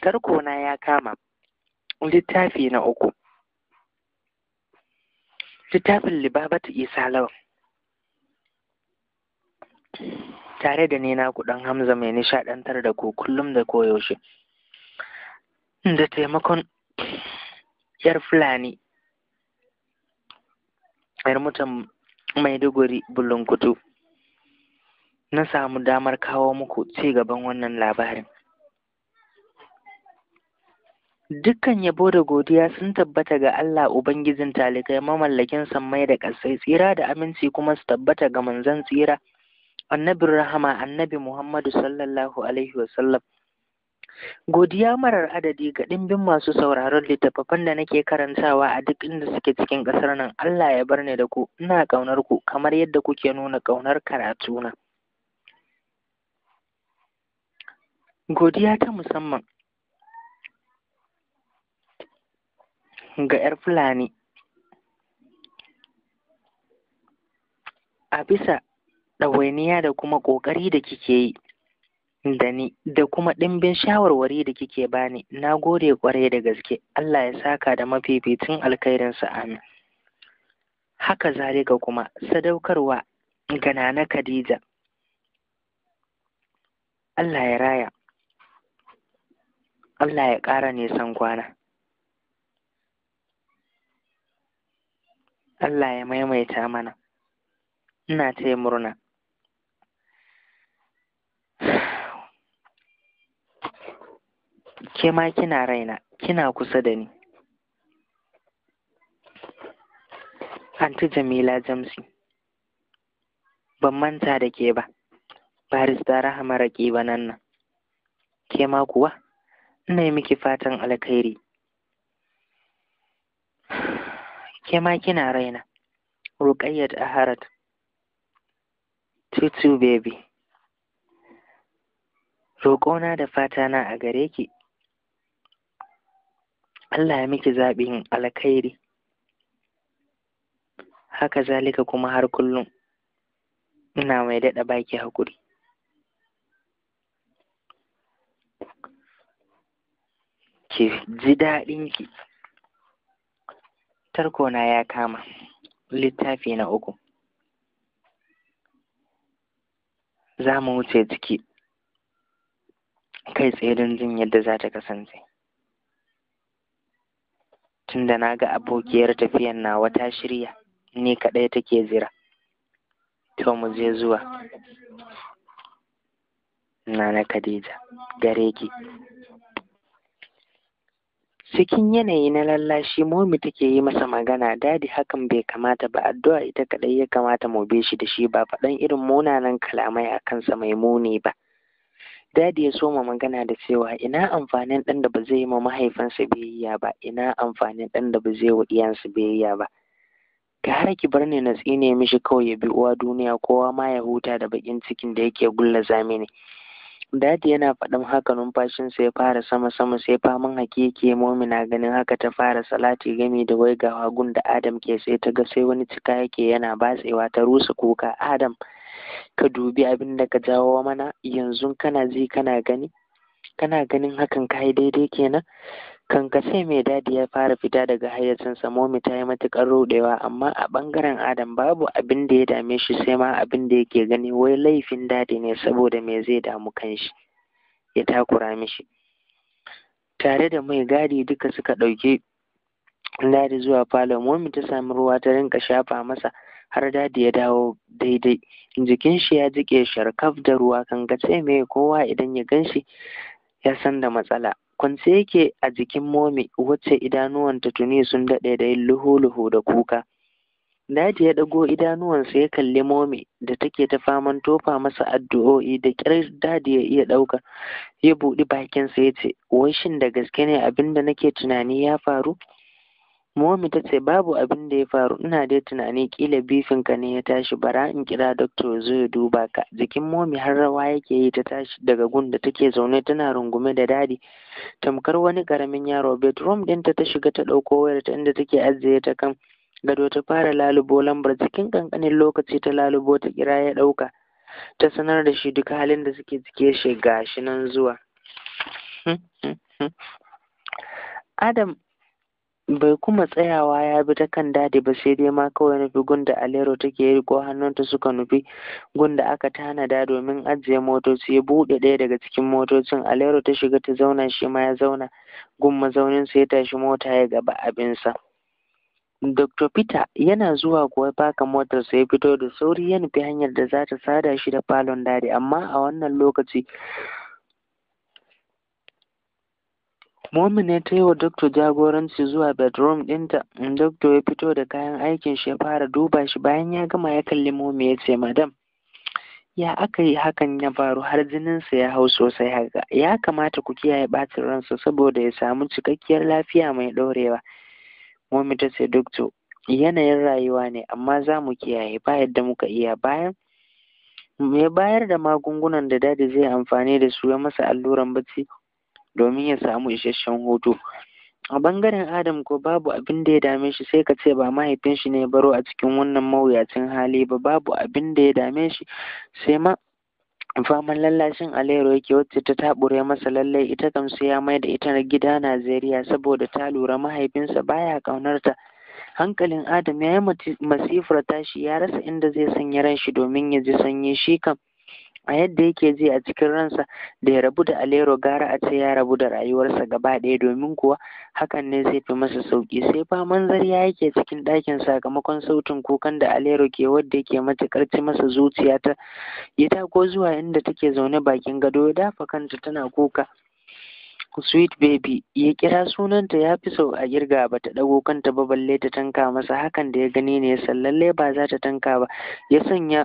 tarko na ya kama littafi na uku littafin libabatu isa lawan tare da nina na kudan hamza mai nishadantar da ku kullum da koyaushe da taimakon yar fulani yar mutum maiduguri bulunkutu na samu damar kawo muku ci gaban wannan labarin Dukkan yabo da godiya sun tabbata ga Allah Ubangijin talikai mamallakin sammai da ƙasai tsira da aminci kuma su tabbata ga manzan tsira annabin rahama annabi Muhammadu sallallahu alaihi wasallam. Godiya marar adadi ga ɗimbin masu sauraron littattafan da nake karantawa a duk inda suke cikin ƙasar nan Allah ya bar ni da ku ina ƙaunar ku kamar yadda kuke nuna ƙaunar karatuna. Godiya ta musamman ga 'yar Fulani. A bisa ɗawainiya da kuma ƙoƙari da kike yi da ni da kuma ɗimbin shawarwari da kike bani na gode ƙwarai da gaske Allah ya saka da mafificin alkhairinsa amin haka zalika kuma sadaukarwa ga Nana Khadija Allah ya raya Allah ya ƙara nisan kwana Allah ya maimaita mana ina ce murna ke ma kina raina kina kusa da ni anti jamila jamsi ban manta da ke ba barista rahama raƙi ba nan nan ke ma kuwa ina yi miki fatan alkhairi ke ma kina raina ruqayyat aharat tutu baby roƙona da fata na a gare ki Allah ya miki zaɓin alkhairi haka zalika kuma har kullum ina mai daɗa baki hakuri. ki ji daɗinki na ya kama littafi na uku za mu wuce ciki kai tsaye don jin yadda za ta kasance tunda na ga abokiyar tafiyan na wata shirya ni kaɗai take zira to mu je zuwa nana khadija gare ki cikin yanayi na lallashi momi take yi masa magana dadi hakan bai kamata ba addu'a ita kadai ya kamata mu be shi da shi ba faɗan irin munanan kalamai a kansa mai muni ba dadi ya soma magana da cewa ina amfanin ɗan da ba zai yi ma mahaifinsa biyayya ba ina amfanin ɗan da ba zai wa iyansa biyayya ba ka har ki bar ni na tsine mishi kawai ya bi uwa duniya kowa ma ya huta da bakin cikin da yake gulla zamini. dadi yana faɗin haka numfashinsa ya fara sama sama sai faman hakiki momina ganin haka ta fara salati gami da waigawa gun da adam ke sai ta ga sai wani cika yake yana batsewa ta rusa kuka adam ka dubi abin da ka jawo mana yanzu kana ji kana gani kana ganin hakan ka daidai kenan Kankace mai dadi ya fara fita daga hayyacinsa, Momi ta yi matuƙar ruɗewa, amma a ɓangaren Adam babu abin da ya dame shi sai ma abin da yake gani wai laifin dadi ne saboda me zai damu kanshi, ya takura mishi. Tare da mai gadi duka suka ɗauke dadi zuwa falo, Momi ta sami ruwa ta rinka shafa masa har dadi ya dawo daidai. Jikin shi ya jike sharkaf da ruwa, kankace mai kowa idan ya gan ya san da matsala. kwance yake a jikin momi wacce idanuwanta tuni sun daɗe da yin luhu-luhu da kuka Nadi ya ɗago idanuwansa ya kalli momi da take ta faman tofa masa addu'o'i da ƙyar dadi ya iya ɗauka ya buɗi bakinsa ya ce wai shin da gaske ne abin da nake tunani ya faru Momi ta ce babu abin da ya faru ina dai tunani kila bifin ka ne ya tashi bara in kira doctor zo ya duba ka jikin Momi har rawa yake yi ta tashi daga gun da take zaune tana rungume da dadi tamkar wani karamin yaro bedroom dinta ta shiga ta ɗauko wayar ta inda take ajiye ta kan gado ta fara lalubo lambar cikin kankanin lokaci ta lalubo ta kira ya ɗauka ta sanar da shi duk halin da suke cike shi gashi nan zuwa hmm, hmm, hmm. Adam bai kuma tsayawa ya bi ta kan dadi ba sai dai ma kawai nufi gunda alero take yi riko hannunta suka nufi gunda aka tanada domin ajiye motoci ya buɗe ɗaya daga cikin motocin alero ta shiga ta zauna shi ma ya zauna gun mazauninsa ya tashi mota ya gaba abinsa Dr. Peter yana zuwa kuwa baka motarsa ya fito da sauri ya nufi hanyar da za ta sada shi da falon dadi amma a wannan lokaci Momin ne ta yi wa Dokta jagoranci zuwa bedroom ɗinta. Dokta ya fito da kayan aikin shi ya fara duba shi bayan ya gama ya kalli Momi ya ce madam ya aka yi hakan ya faru har jininsa ya hau sosai haka ya kamata ku kiyaye ɓacin ransa saboda ya samu cikakkiyar lafiya mai ɗorewa. Momi ta ce Dokta yanayin rayuwa ne amma za mu kiyaye ba yadda muka iya bayan ya bayar da magungunan da dadi zai amfani da su ya masa alluran bacci domin ya samu isasshen hutu a ɓangaren adam ko babu abin da ya dame shi sai ka ce ba mahaifin shi ne baro a cikin wannan mawuyacin hali ba babu abin da ya dame shi sai ma faman lallashin alero yake wacce ta tabure masa lallai ita kam sai ya mai da ita gida Najeriya saboda ta lura mahaifinsa baya ƙaunarta. hankalin Adam ya yi masifar tashi ya rasa inda zai sanya ran shi domin ya ji sanyi shi kam a yadda yake ji a cikin ransa da ya rabu da alero gara a ce ya rabu da rayuwarsa gaba ɗaya domin kuwa hakan ne zai fi masa sauki sai faman ya yake cikin ɗakin sakamakon sautin kukan da alero ke wadda yake matuƙar ci masa zuciya ta ya tako zuwa inda take zaune bakin gado ya dafa kanta tana kuka sweet baby ya kira sunanta ya fi sau a girga ba ta ɗago kanta ba balle ta tanka masa hakan da ya gani ne ya ba za ta tanka ba ya sanya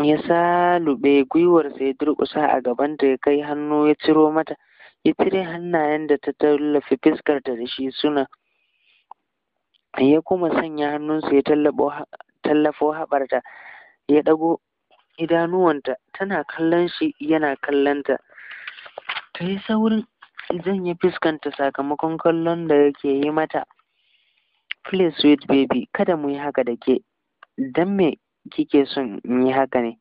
ya salube gwiwarsa ya durƙusa a gaban gabanta ya kai hannu ya ciro mata ya cire hannayen da ta fiskar ta da shi suna ya kuma sanya hannunsa ya tallafo haɓarta ya ɗago idanuwanta tana kallon shi yana kallonta ta yi saurin zan yi fuskanta sakamakon kallon da yake yi mata please sweet baby kada mu yi haka da ke don me kike son in yi haka ne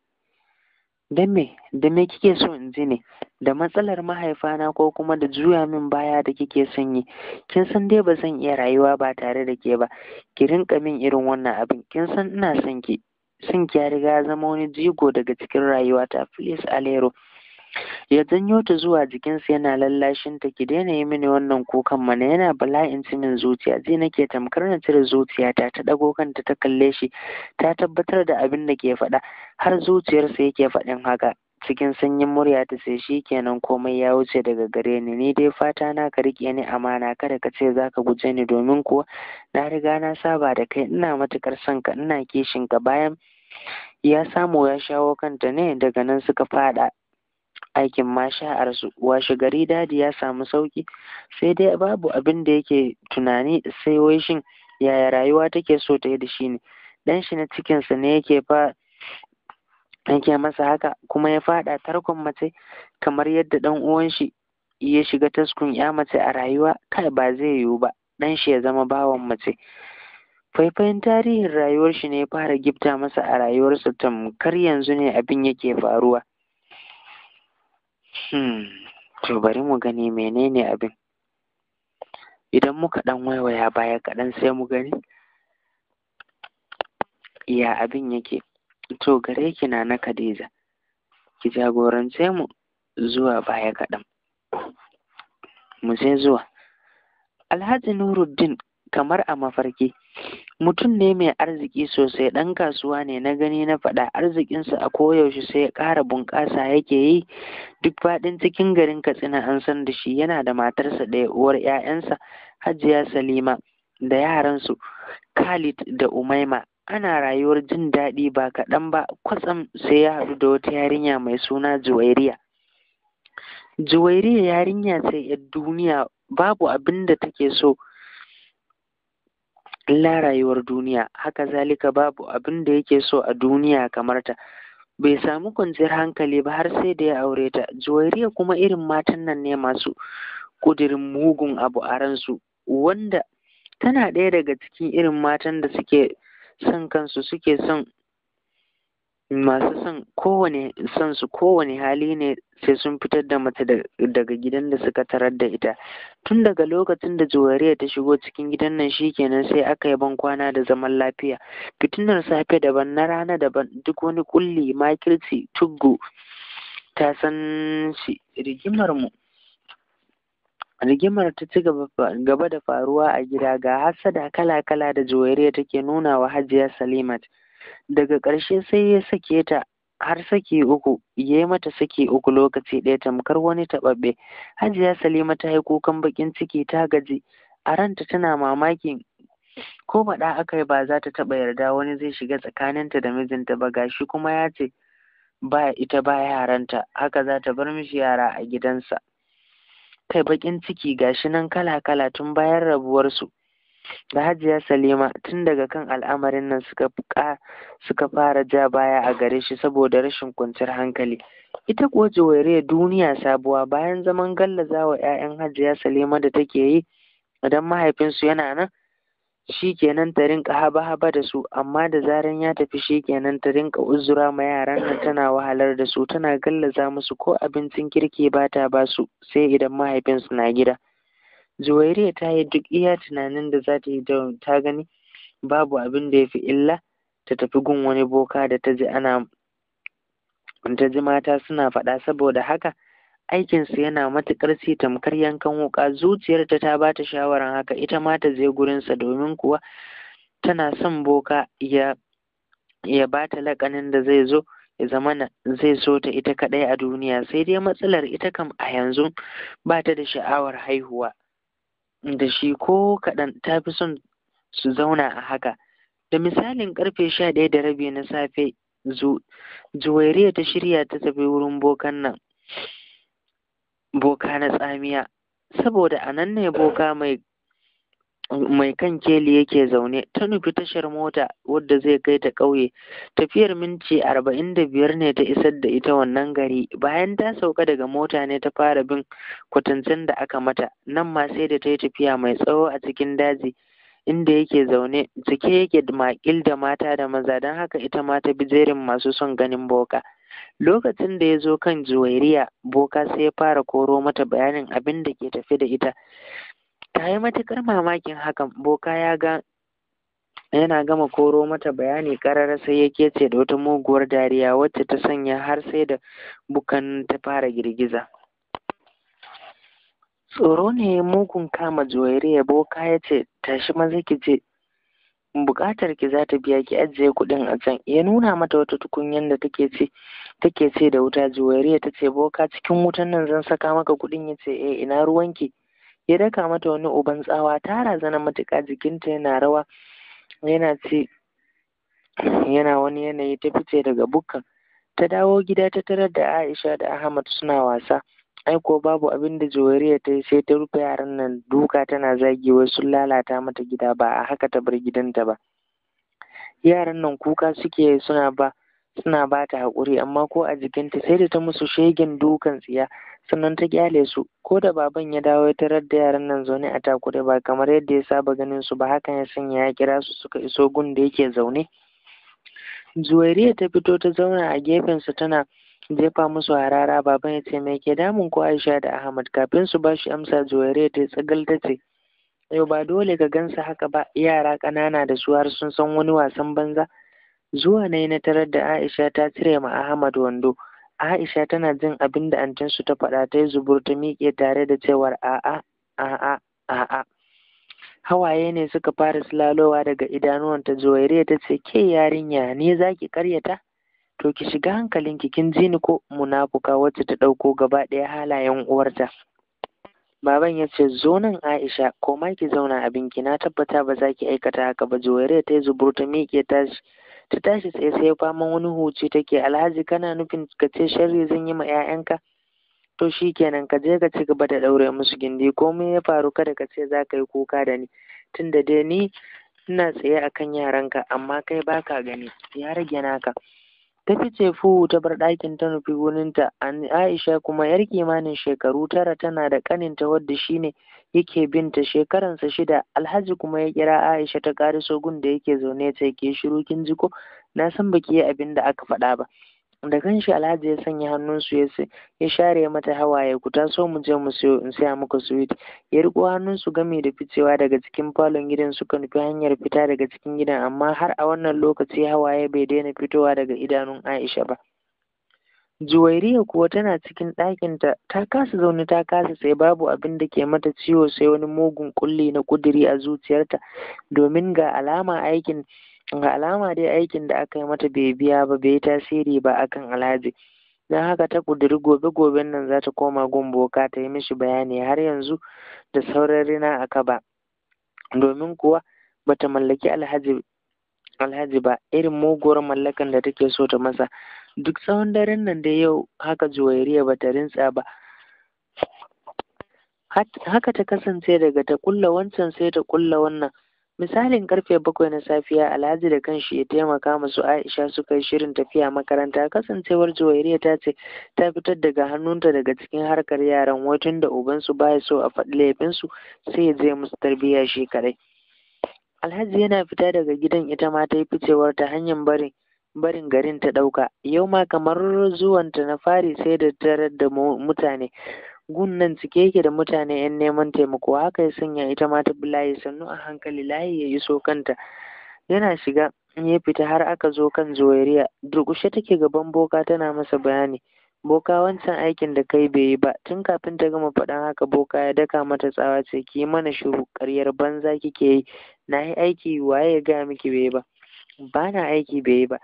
dan me da me kike so in ji ne da matsalar mahaifana ko kuma da juya min baya da kike son yi kin san dai ba zan iya rayuwa ba tare da ke ba ki rinka min irin wannan abin kin san ina son ki son ki ya riga zama wani jigo daga cikin rayuwata please alero ya janyo ta zuwa jikinsa yana lallashin ta ki daina yi mini wannan kukan mana yana bala'in cimin zuciya ji nake tamkar na cire zuciyata ta ɗago kanta ta kalle shi ta tabbatar da abin da ke faɗa har zuciyarsa yake faɗin haka cikin sanyin murya ta sai shi kenan komai ya wuce daga gare ni ni dai fata na ka riƙe ni amana kada ka ce zaka guje ni domin kuwa na riga na saba da kai ina matuƙar son ka ina kishin ka bayan ya samu ya shawo kanta ne daga nan suka faɗa aikin masha'arsu washe gari dadi ya samu sauki sai dai babu abin da yake tunani sai wai shin yaya rayuwa take so ta yi da shi ne dan shi na cikinsa ne yake fa yake masa haka kuma ya fada tarkon mace kamar yadda dan uwan shi ya shiga taskun ya mace a rayuwa kai ba zai yiwu ba dan shi ya zama bawan mace faifayin tarihin rayuwar shi ne ya fara gifta masa a rayuwarsa tamkar yanzu ne abin yake faruwa Hmm. to bari mu gani menene abin idan muka ɗan waiwaya baya kaɗan sai mu gani ya abin yake to gare ki na na Khadija ki jagorance mu zuwa baya kaɗan mu sai zuwa Alhaji Nuruddin kamar a mafarki mutum ne mai arziki sosai ɗan kasuwa ne na gani na faɗa arzikinsa a koyaushe sai ya ƙara bunƙasa yake yi duk faɗin cikin garin katsina an san da shi yana da matarsa da uwar 'ya'yansa hajiya salima da yaransu khalid da umaima ana rayuwar jin daɗi ba kaɗan ba kwatsam sai ya haɗu da wata yarinya mai suna juwairiya juwairiya yarinya ce 'yar duniya babu abin da take so illa rayuwar duniya haka zalika babu abin da yake so a duniya kamar ta bai samu kwanciyar hankali ba har sai da ya aure ta juwairiya kuma irin matan nan ne masu kudirin mugun abu a ransu wanda tana ɗaya daga cikin irin matan da suke son kansu suke son masu son kowane son su kowane hali ne sai sun fitar da mace daga gidan da suka tarar da ita tun daga lokacin da juwariya ta shigo cikin gidan nan shikenan sai aka yi ban kwana da zaman lafiya fitinar safe daban na rana daban duk wani kulli makirci tuggu ta san shi rigimar mu rigimar ta ci gaba da faruwa a gida ga hasada kala-kala da juwariya take nuna wa hajiya salimat daga ƙarshe sai ya sake ta har saki uku ya yi mata saki uku lokaci ɗaya tamkar wani taɓaɓɓe hajiya salima ta yi kukan bakin ciki ta gaji a ranta tana mamaki ko baɗa aka yi ba za ta taɓa yarda wani zai shiga tsakaninta da mijinta ba gashi kuma ya ce ba ita ba yaranta haka za ta bar mishi yara a gidansa kai bakin ciki gashi nan kala kala tun bayan rabuwarsu da hajiya salima tun daga kan al'amarin nan suka suka fara ja baya a gare shi saboda rashin kwanciyar hankali ita kuwa jawairiyar duniya sabuwa bayan zaman gallaza wa 'ya'yan hajiya salima da take yi idan mahaifinsu yana nan shi kenan ta rinka haba-haba da su amma da zaran ya tafi shi kenan ta rinka uzura ma yaran nan tana wahalar da su tana gallaza musu ko abincin kirki ba ta ba su sai idan mahaifinsu na gida Juwairiya ta yi duk iya tunanin da za ta yi ta gani babu abin da ya fi illa ta tafi gun wani boka da ta ji ana ta ji mata suna faɗa saboda haka aikinsu yana matuƙar si tamkar yankan wuƙa zuciyarta ta ba ta shawaran haka ita ma ta je gurinsa domin kuwa tana son boka ya ya ba ta laƙanin da zai zo ya zamana zai so ta ita kaɗai a duniya sai dai matsalar ita kam a yanzu ba ta da sha'awar haihuwa da shi ko kaɗan ta fi son su zauna a haka da misalin ƙarfe sha ɗaya da rabi na safe juwairiya ta shirya ta tafi wurin bokan nan boka na tsamiya saboda a nan ne boka mai mai kan keli yake zaune ta nufi tashar mota wadda zai kai ta ƙauye tafiyar minti arba'in da biyar ne ta isar da ita wannan gari bayan ta sauka daga mota ne ta fara bin kwatancen da aka mata nan ma sai da ta yi tafiya mai tsawo a cikin daji inda yake zaune cike yake makil da mata da maza don haka ita ma ta bi jerin masu son ganin boka lokacin da ya zo kan juwairiya boka sai ya fara koro mata bayanin abin da ke tafi da ita ta yi matuƙar mamakin hakan boka ya ga yana gama koro mata bayani ƙarara sai ya kece da wata muguwar dariya wacce ta sanya har sai da bukan ta fara girgiza tsoro ne mugun kama juwairiya boka ya ce tashi maza ki je buƙatar ki za ta biya ki ajiye kuɗin a can ya nuna mata wata tukunyar da take ce ce da wuta juwairiya ta ce boka cikin wutan nan zan saka maka kuɗin ya ce eh ina ruwanki ya daka mata wani uban tsawa ta razana matuƙa jikinta yana rawa yana ce yana wani yanayi ta fice daga bukka ta dawo gida ta tarar da Aisha da Ahmad suna wasa ai ko babu abin da jawariya ta yi sai ta rufe yaran nan duka tana zagi wai sun lalata mata gida ba a haka ta bar gidanta ba yaran nan kuka suke suna ba suna ba ta haƙuri amma ko a jikinta sai da ta musu shegen dukan tsiya sannan ta kyale su ko da baban ya dawo ya tarar da yaran nan zaune a takure ba kamar yadda ya saba ganin su ba hakan ya sanya ya kira su suka iso gun da yake zaune zuwairiya ta fito ta zauna a gefen sa tana jefa musu harara baban ya ce me ke damun ko aisha da ahmad kafin su bashi amsa zuwairiya ta tsagal ta ce yau ba dole ka gansa haka ba yara ƙanana da su har sun san wani wasan banza zuwa na yi na tarar da aisha ta cire ma ahmad wando Aisha tana jin abin da antinsu ta faɗa ta yi zubur ta miƙe tare da cewar a'a a'a a'a hawaye ne suka fara silalowa daga idanuwanta zuwaire ta ce ke yarinya ne za ki karyata to ki shiga hankalinki kin ji ni ko munafuka wacce ta ɗauko gaba ɗaya halayen uwarta baban ya ce zo nan aisha koma ki zauna abinki na tabbata ba za ki aikata haka ba zuwaire ta yi zubur ta miƙe ta ta tashi tsaye sai faman wani huce take alhaji kana nufin ka ce sharri zan yi ma 'ya'yanka to shikenan ka je ka ci gaba da ɗaure musu gindi komai ya faru kada ka ce za ka yi kuka da ni tunda dai ni ina tsaye a akan yaranka amma kai baka gani ya rage naka ta fice fuhu ta bar ɗakin ta nufi goninta an aisha kuma yar kimanin shekaru tara tana da ƙaninta wadda shine yake binta shekaransa shida alhaji kuma ya kira aisha ta ƙariso gun da yake zaune ta ke shiru kin ji ko na san baki yi abin da aka faɗa ba da kanshi alhaji ya sanya hannunsu ya ya share mata hawaye kuta so mu je mu sayo in siya muku suwit ya riko hannunsu gami da ficewa daga cikin falon gidan suka nufi hanyar fita daga cikin gidan amma har a wannan lokaci hawaye bai daina fitowa daga idanun Aisha ba Juwairiya kuwa tana cikin ɗakinta ta kasa zaune ta kasa sai babu abin da ke mata ciwo sai wani mugun kulli na kudiri a zuciyarta domin ga alama aikin ga alama dai aikin da aka yi mata bai biya ba bai tasiri ba akan alhaji don haka ta ƙudiri gobe goben nan za ta koma gun boka ta yi mishi bayani har yanzu da sauran rina a kaba domin kuwa ba ta mallaki alhaji alhaji ba irin muguwar mallakan da take so ta masa duk tsawon daren nan da yau haka juwairiya bata rintsa ba haka ta kasance daga ta kulla wancan sai ta kulla wannan misalin karfe bakwai na safiya alhaji da kanshi ya taimaka musu aisha suka yi shirin tafiya makaranta kasancewar juwairiya ta ce ta fitar daga hannunta daga cikin harkar yaran wajen da ubansu baya so a faɗi laifinsu sai ya je musu tarbiyya shi kaɗai alhaji yana fita daga gidan ita ma ta yi ficewar ta hanyar barin barin garin ta ɗauka yau ma kamar zuwanta na fari sai da tarar da mutane gunnan cike yake da mutane 'yan neman taimako haka ya sanya ita ma ta bulaye sannu a hankali layi ya iso kanta yana shiga ya fita har aka zo kan zoyariya durƙushe take gaban boka tana masa bayani boka wancan aikin da kai bai yi ba tun kafin ta gama faɗan haka boka ya daka mata tsawa ce ki mana shiru ƙaryar banza kike yi na yi aiki waye ya gaya miki bai yi ba ba aiki bai yi ba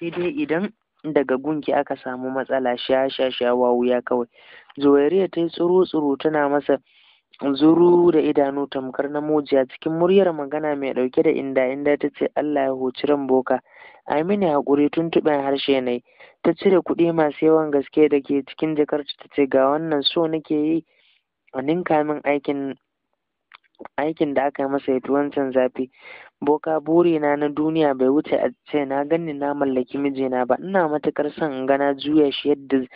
sai dai idan daga gunki aka samu matsala sha sha sha wuya kawai zuwairiya ta yi tsuru tsuru tana masa zuru da idanu tamkar na mujiya cikin muryar magana mai ɗauke da inda inda ta ce Allah ya hoci ran boka Aminu hakuri tuntuɓen harshe ne ta cire kuɗi masu yawan gaske da ke cikin jakarta ta ce ga wannan so nake yi a ninka min aikin aikin da aka masa ya fi wancan zafi boka burina na duniya bai wuce a ce na gani na mallaki mijina ba ina matukar son in ga juya shi yadda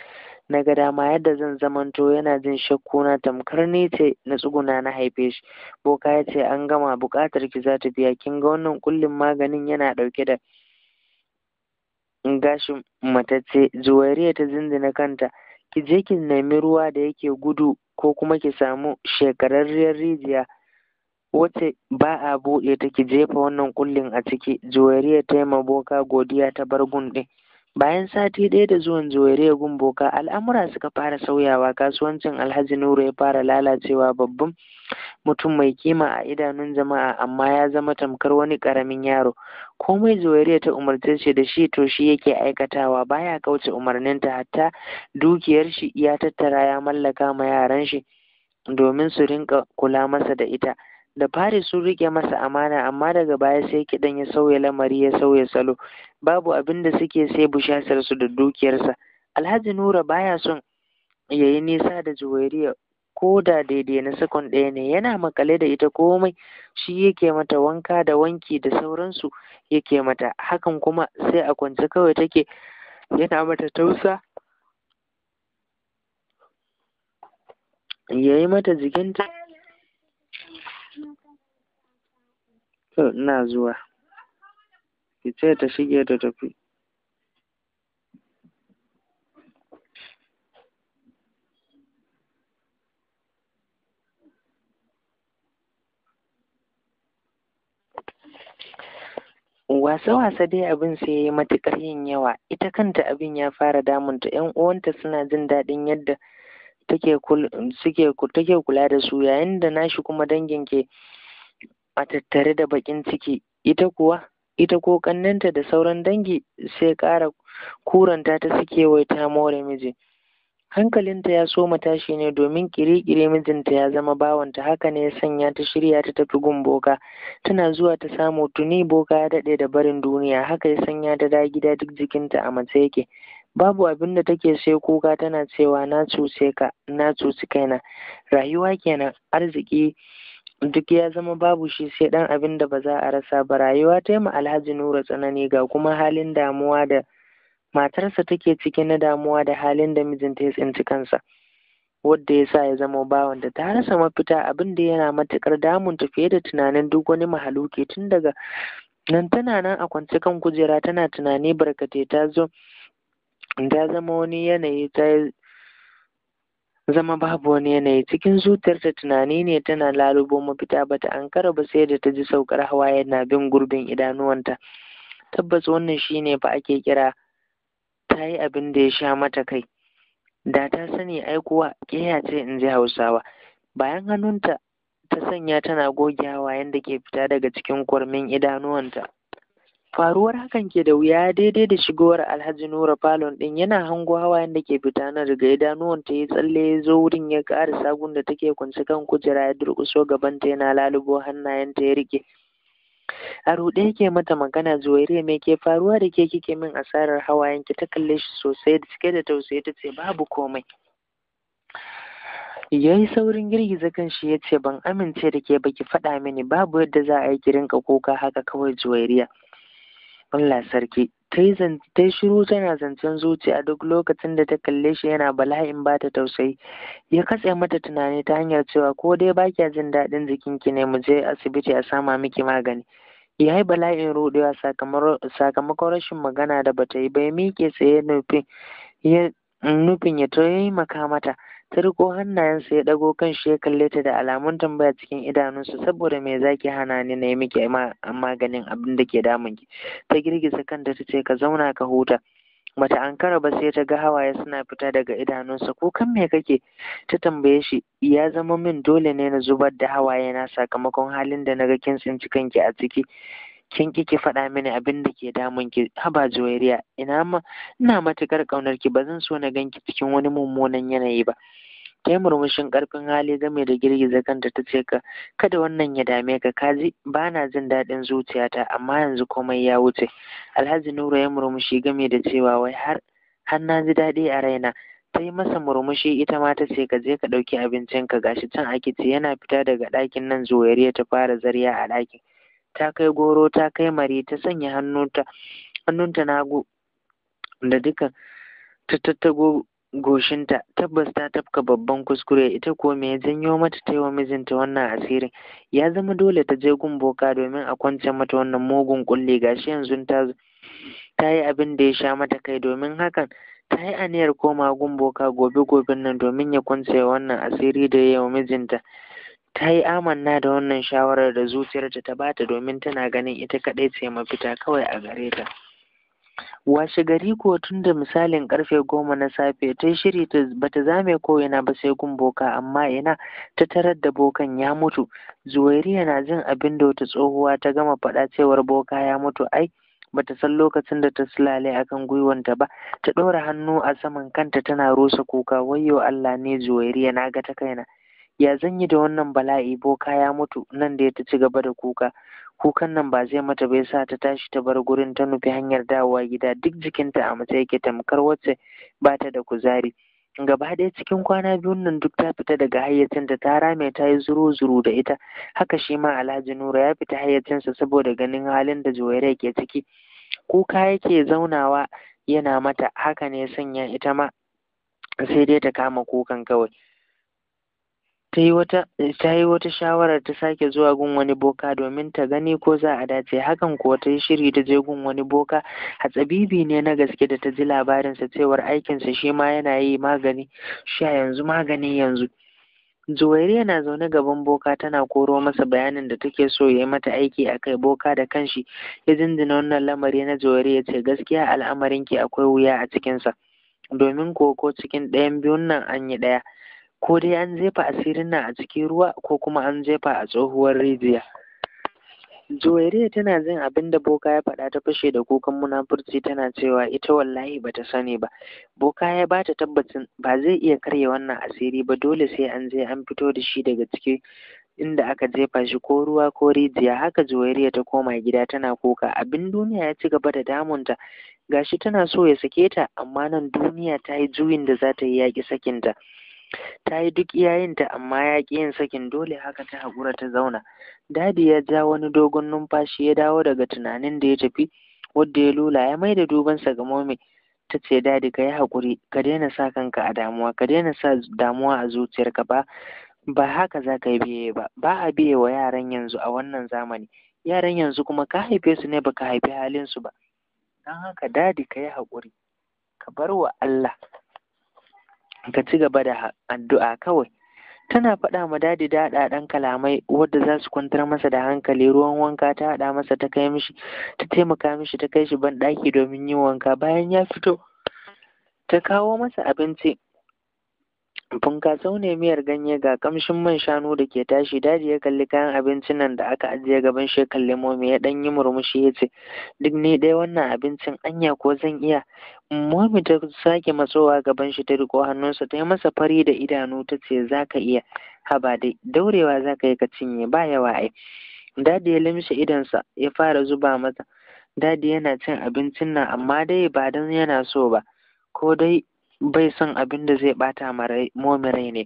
na ga dama yadda zan zamanto yana jin shakku na tamkar ni ce na tsuguna na haife shi boka ya ce an gama buƙatar ki za ta biya kin ga wannan kullin maganin yana ɗauke da gashin matacce juwariya ta zinzina kanta ki je ki nemi ruwa da yake gudu ko kuma ki samu shekararriyar rijiya wacce ba a buɗe ta jefa wannan kullin a ciki juwairiya ta yi boka godiya ta bar gun ɗin bayan sati ɗaya da zuwan juwairiya gun boka al'amura suka fara sauyawa kasuwancin alhaji nuru ya fara lalacewa babban mutum mai kima a idanun jama'a amma ya zama tamkar wani ƙaramin yaro komai juwairiya ta umarce shi da shi to shi yake aikatawa baya kauce umarninta hatta dukiyar shi ya tattara ya mallaka ma yaran shi domin su rinka kula masa da ita da fari sun rike masa amana amma daga baya sai kiɗan ya sauya lamari ya sauya salo babu abin da suke sai bushasar su da dukiyarsa alhaji nura baya son ya yi nisa da juwairiya ko da daidai na sakon ɗaya ne yana makale da ita komai shi yake mata wanka da wanki da sauransu yake mata hakan kuma sai a kwance kawai take yana mata tausa ya yi mata jikinta to ina zuwa ki ce ta shige ta tafi wasa-wasa dai abin sai ya yi matuƙar yin yawa ita kanta abin ya fara damunta yan uwanta suna jin daɗin yadda take kula da su yayin da nashi kuma dangin ke a tattare da bakin ciki ita kuwa ita ko ƙannenta da sauran dangi sai ƙara kuranta ta suke wai ta more miji hankalinta ya so tashi ne domin ƙire mijinta ya zama bawanta haka ne ya sanya ta shirya ta tafi gun boka tana zuwa ta samu tuni boka ya daɗe da barin duniya haka ya sanya ta da gida duk jikinta a mace yake babu abin da take sai kuka tana cewa na cuce ka na cuci kaina rayuwa kenan arziki duk ya zama babu shi sai ɗan abin da ba za a rasa ba rayuwa ta yi alhaji nura tsanani ga kuma halin damuwa da matarsa take ciki na damuwa da halin da mijinta ya tsinci kansa wadda ya sa ya zama bawan da ta rasa mafita abin da yana matukar damun ta fiye da tunanin duk wani mahaluki tun daga nan tana nan a kwance kan kujera tana tunani barkate, ta zo ta zama wani yanayi ta zama babu wani yanayi cikin zuciyarta tunani ne tana lalubo mafita bata ankara ba sai da ta ji saukar hawa yana bin gurbin idanuwanta tabbas wannan shine fa ake kira ta yi abin da ya sha mata kai da ta sani aikuwa keya ce in ji hausawa bayan hannunta ta sanya tana goge hawayen da ke fita daga cikin kwarmin idanuwanta faruwar hakan ke da wuya daidai da shigowar alhaji nura falon ɗin, yana hango hawayen da ke fita na daga idanuwan ta yi tsalle ya zo wurin ya ƙara sagun da take kunce kan kujera ya durƙuso gabanta yana lalubo ta ya rike a ruɗe yake mata magana zuwaire mai ke faruwa da ke kike min asarar hawayen ki ta kalle shi sosai da cike da tausayi ta ce babu komai ya yi saurin girgiza kan shi ya ce ban amince da ke ba ki faɗa mini babu yadda za a yi ki rinka kuka haka kawai zuwairiya Allah sarki ta yi shiru tana zancen zuciya duk lokacin da ta kalle shi yana bala'in ba ta tausayi ya katse mata tunani ta hanyar cewa ko dai ba kya jin daɗin jikinki ne mu je asibiti a sama miki magani ya yi bala'in ruɗewa sakamakon rashin magana da bata yi bai miƙe tsaye nufin ya nufin ya mata ta riko hannayensa ya ɗago kan shi ya kalle ta da alamun tambaya cikin idanunsa saboda me zaki hana ni na yi miki maganin abin da ke damun ki ta girgiza kanta ta ce ka zauna ka huta bata ankara ba sai ta ga hawaye suna fita daga idanunsa ko kan me kake ta tambaye shi ya zama min dole ne na zubar da hawaye na sakamakon halin da na ga kin tsinci kanki a ciki kin ki ki faɗa mini abin da ke damun ki haba juwairiya ina ma ina matukar kaunar ki ba zan so na ganki cikin wani mummunan yanayi ba ta yi murmushin karfin hali game da girgiza kanta ta ce ka kada wannan ya dame ka kaji ba na jin daɗin zuciyata amma yanzu komai ya wuce alhaji nura ya murmushi game da cewa wai har har na ji daɗi a raina ta yi masa murmushi ita ma ta ce ka je ka ɗauki abincinka gashi can a kici yana fita daga ɗakin nan zuwairiya ta fara zarya a ɗakin ta kai goro ta kai mare ta sanya hannunta hannunta na go da duka ta tattago goshinta tabbas ta tafka babban kuskure ita ko me ya janyo mata ta yi wa mijinta wannan asirin ya zama dole ta je gun boka domin a kwance mata wannan mugun kulle gashi yanzu ta ta yi abin da ya sha mata kai domin hakan ta yi aniyar koma gun boka gobe goben nan domin ya kwance wannan asiri da ya yi wa mijinta ta yi amanna da wannan shawarar da zuciyarta ta bata domin tana ganin ita kaɗai ce mafita kawai a gare ta washe gari ko tun da misalin karfe goma na safe ta shiri ta bata zame ko ina ba sai gun boka amma ina ta tarar da bokan ya mutu zuwairiya na jin abin da wata tsohuwa ta gama faɗa cewar boka ya mutu ai bata san lokacin da ta sulale akan gwiwanta ba ta ɗora hannu a saman kanta tana rusa kuka wayyo Allah ne zuwairiya na ga ta kaina ya zan yi da wannan bala'i boka ya mutu nan da ya ta ci gaba da kuka kukan nan ba zai mata bai sa ta tashi ta bar gurin ta nufi hanyar dawowa gida duk jikinta a mace yake tamkar wacce ba ta da kuzari gaba ɗaya cikin kwana biyun nan duk ta fita daga hayyacinta ta rame ta yi zuru zuru da ita haka shi ma alhaji nura ya fita hayyacinsa saboda ganin halin da juwaira ke ciki kuka yake zaunawa yana mata haka ne sanya ita ma sai dai ta kama kukan kawai ta yi wata ta yi wata shawarar ta sake zuwa gun wani boka domin ta gani ko za a dace hakan kuwa ta yi shiri ta je gun wani boka hatsabibi ne na gaske da ta ji labarinsa cewar aikinsa shi ma yana yi magani sha yanzu magani yanzu Zuwairiya na zaune gaban Boka tana koro masa bayanin da take so ya yi mata aiki a kai Boka da kanshi ya jinjina wannan lamari na Zuwairiya ce gaskiya al'amarin ki akwai wuya a cikinsa. Domin koko cikin ɗayan biyun nan an yi ɗaya. ko dai an jefa asirin nan a cikin ruwa ko kuma an jefa a tsohuwar rijiya Juwairiya tana jin abin da Boka ya faɗa ta fashe da kukan munafurci tana cewa ita wallahi bata sani ba. Boka ya ba ta tabbacin ba zai iya karya wannan asiri ba dole sai an je an fito da shi daga cikin inda aka jefa shi ko ruwa ko rijiya haka Juwairiya ta koma gida tana kuka abin duniya ya ci gaba da damunta gashi tana so ya sake ta amma nan duniya ta yi juyin da za ta yi yaƙi sakinta. ta yi duk iyayenta amma ya ƙi yin sakin dole haka ta haƙura ta zauna dadi ya ja wani dogon numfashi ya dawo daga tunanin da ya tafi wadda ya lula ya maida da dubansa ga momi ta ce dadi ka yi haƙuri ka daina sa kanka a damuwa ka daina sa damuwa a zuciyarka ba ba haka za ka yi biye ba ba a biye wa yaran yanzu a wannan zamani yaran yanzu kuma ka haife su ne baka haifi halinsu ba don haka dadi ka yi haƙuri ka bar wa Allah ka ci gaba da addu'a kawai tana faɗa ma dadi da ɗan kalamai wadda za su kwantar masa da hankali ruwan wanka ta haɗa masa ta kai mishi ta taimaka mishi ta kai shi banɗaki domin yin wanka bayan ya fito ta kawo masa abinci Funkasau ne miyar ganye ga kamshin man shanu da ke tashi daji ya kalli kayan abincin nan da aka ajiye gaban shi ya kalli momi ya dan yi murmushi ya ce duk ni dai wannan abincin anya ko zan iya momi ta sake matsowa gaban shi ta riko hannunsa ta yi masa fari da idanu ta ce za ka iya haba dai daurewa za ka yi ka cinye ba yawa ai dadi ya limshe idonsa ya fara zuba mata dadi yana cin abincin nan amma dai ba don yana so ba ko dai bai son abin da zai bata momi rai ne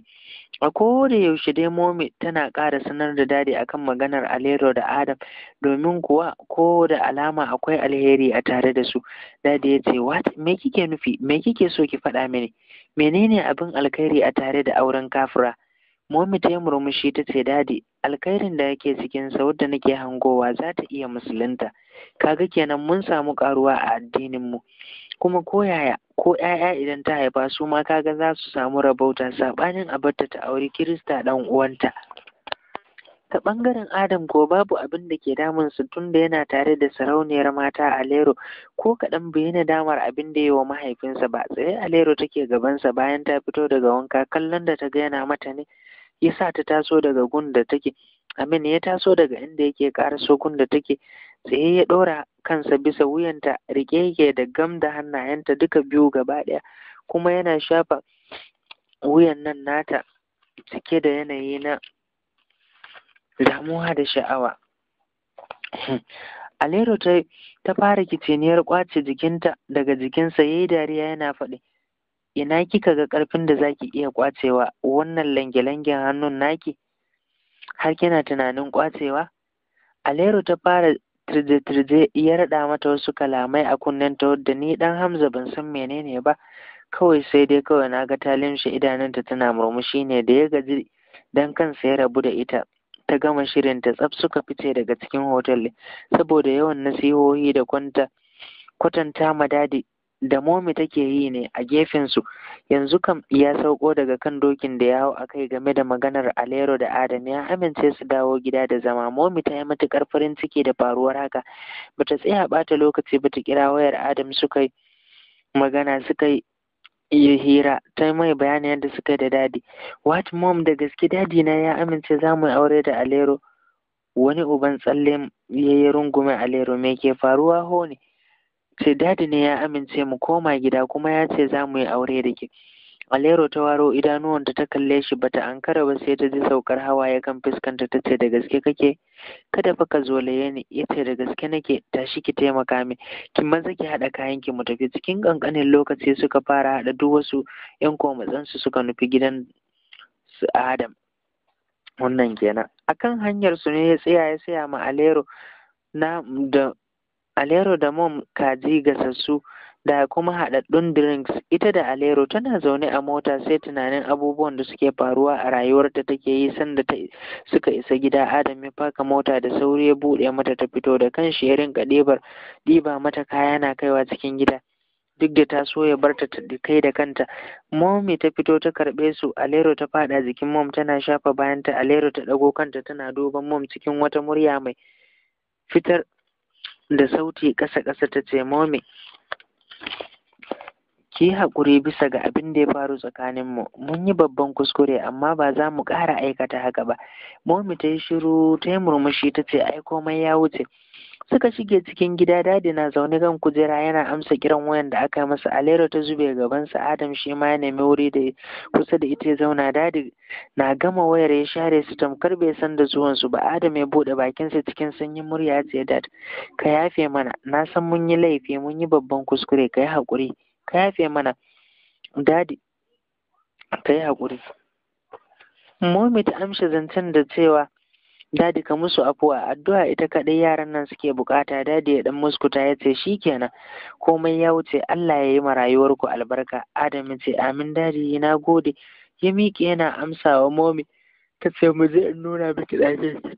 a koda yaushe dai momi tana ƙara sanar da dadi akan maganar alero da adam domin kuwa ko da alama akwai alheri a tare da su dadi ya ce what me kike nufi me kike so ki faɗa mini menene abin alkhairi a tare da auren kafura? Momi ta yi murmushi ta ce dadi alkhairin da yake cikin sa wadda nake hangowa za ta iya musulunta kaga kenan mun samu karuwa a addinin mu kuma ko yaya ko 'ya'ya idan ta haifa su ma kaga za su samu rabauta sabanin abarta ta auri kirista dan uwanta ta ɓangaren adam ko babu abin da ke damun su tunda yana tare da sarauniyar mata a Lero? ko kaɗan bai na damar abin da yi wa mahaifinsa ba tsaye Lero take gabansa bayan ta fito daga wanka kallon da ta ga yana mata ne yasa ta taso daga gun da take amin ya taso daga inda yake karaso gun da take tsaye ya ɗora kansa bisa wuyanta rike yake da gam da hannayenta duka biyu gaba ɗaya kuma yana shafa wuyan nan nata cike da yanayi na damuwa da sha'awa alero ta ta fara kiciniyar kwace jikinta daga jikinsa yayi dariya yana faɗi ina kika ga ƙarfin da zaki iya ƙwacewa wannan lange-langen hannun naki har kina tunanin ƙwacewa Aleru ta fara turje-turje ya raɗa mata wasu kalamai a kunnen ta wadda ni Dan hamza ban san menene ba kawai sai dai kawai na ga talin shi idanunta tana murmushi ne da ya gaji dan kansa ya rabu da ita ta gama shirin ta tsaf suka fice daga cikin hotel saboda yawan nasihohi da kwanta kwatanta madadi. da momi take yi ne a gefensu yanzu kam ya sauko daga kan dokin da ya hau a kai game da maganar alero da adam ya amince su dawo gida da zama momi ta yi matukar farin ciki da faruwar haka bata tsaya bata lokaci ba ta kira wayar adam suka yi magana suka yi yi hira ta mai bayanin yadda suka da dadi what mom da gaske dadi na ya amince za mu aure da alero wani uban tsalle ya yi rungume alero me ke faruwa ho ne ce dadi ne ya amince mu koma gida kuma ya ce za mu yi aure da ke alero ta waro idanuwanta ta kalle shi bata ankara ba sai ta ji saukar ya kan fuskanta ta ce da gaske kake kada fa ka zolaye ni ya ce da gaske nake tashi ki taimaka min ki maza ki haɗa kayan ki mu tafi cikin ƙanƙanin lokaci suka fara haɗa duk wasu ƴan komatsansu suka nufi gidan su adam wannan kenan akan hanyar su ne ya tsaya ya saya ma alero na da alero da mom kaji gasassu da kuma haɗaɗɗun drinks ita da alero tana zaune a mota sai tunanin abubuwan da suke faruwa a rayuwarta take yi sanda ta suka isa gida adam ya faka mota da sauri ya buɗe mata ta fito da kanshi ya rinka ɗibar ɗiba mata kaya na kaiwa cikin gida duk da ta so ya bar ta kai da kanta momi ta fito ta karɓe su alero ta faɗa jikin mom tana shafa bayanta alero ta ɗago kanta tana duban mom cikin wata murya mai fitar da sauti ƙasa-ƙasa ta ce momi ki haƙuri bisa ga abin da ya faru tsakaninmu mun yi babban kuskure amma ba za mu ƙara aikata haka ba momi ta yi shiru ta yi murmushi ta ce ai komai ya wuce suka shige cikin gida dadi na zaune kan kujera yana amsa kiran wayan da aka masa alera ta zube gaban sa adam shi ma ya nemi wuri da kusa da ita ya zauna dadi na gama wayar ya share su tamkar bai san da zuwan su ba adam ya bude bakin sa cikin sanyin murya ya dad ka yafe mana na san mun yi laifi mun yi babban kuskure ka yi hakuri ka yafe mana dadi ka yi hakuri Momi ta amshi zancen da cewa dadi ka musu afuwa addu'a ita kaɗai yaran nan suke bukata dadi ya dan muskuta ya ce shikenan komai ya wuce Allah ya yi ma rayuwarku albarka Adam ya ce amin dadi na gode ya miƙe yana amsawa momi ta ce mu je in nuna miki ɗakin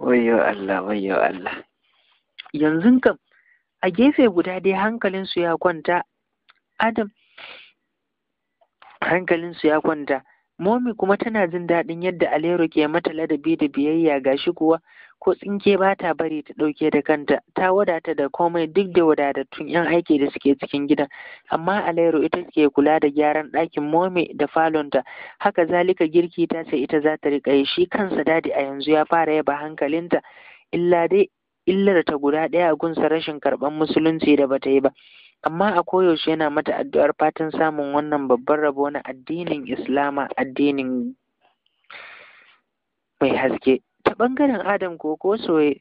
wayyo Allah wayyo Allah yanzu kam a gefe guda dai hankalinsu ya kwanta Adam hankalinsu ya kwanta Momi kuma tana jin daɗin yadda Alero ke mata ladabi da biyayya ga shi kuwa ko tsinke ba ta bari ta ɗauke da kanta, ta wadata da komai duk da wadatattun 'yan aiki da suke cikin gidan. Amma Alero ita ke kula da gyaran ɗakin Momi da falonta, haka zalika girki ta ce ita za ta riƙa yi shi kansa dadi a yanzu ya fara yaba hankalinta, illa dai illar ta guda ɗaya a gunsa rashin karɓar musulunci da bata yi ba. amma a koyaushe yana mata addu'ar fatan samun wannan babban rabo na addinin Islama addinin mai haske ta ɓangaren Adam ko ko soye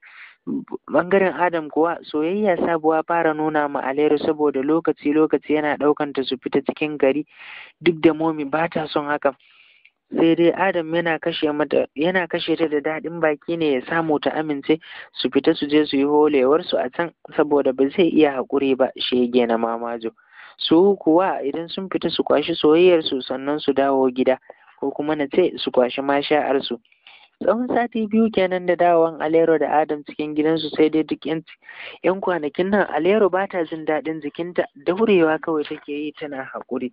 ɓangaren Adam kuwa soyayya sabuwa fara nuna ma Alheru saboda lokaci lokaci yana ɗaukanta su fita cikin gari duk da momi ba ta son hakan sai dai Adam yana kashe mata yana kashe ta da daɗin baki ne ya samu ta amince su fita su je su yi holewar su a can saboda ba zai iya haƙuri ba shege na mamajo su kuwa idan sun fita su kwashi soyayyar su sannan su dawo gida ko kuma na ce su kwashi masha'ar su tsawon sati biyu kenan da dawowan alero da adam cikin gidansu sai dai duk yan kwanakin nan alero ba ta jin daɗin jikinta daurewa kawai take yi tana haƙuri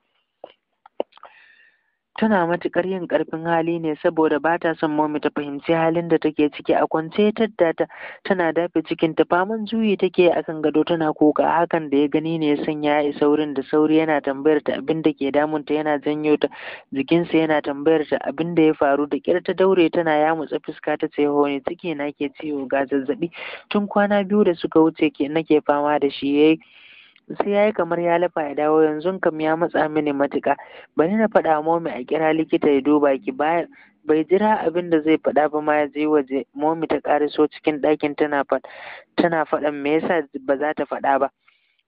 tana matuƙar yin ƙarfin hali ne saboda ba ta son momi ta fahimci halin da take ciki a kwance tadda ta tana dafe cikin ta faman juyi take a kan gado tana kuka hakan da ya gani ne ya sanya ya isa wurin da sauri yana tambayar ta abin da ke damun ta yana janyo ta jikinsa yana tambayar ta abin da ya faru da ƙyar ta daure tana yamutsa fuska ta ce ne ciki na ke ciwo ga zazzaɓi tun kwana biyu da suka wuce ke nake fama da shi yayi sai yayi kamar ya lafa ya dawo yanzu kam ya matsa mini matuƙa bari na faɗa momi a kira likita ya duba ki baya bai jira abin da zai faɗa ba ma ya je waje momi ta ƙariso cikin ɗakin tana tana faɗan me yasa ba za ta faɗa ba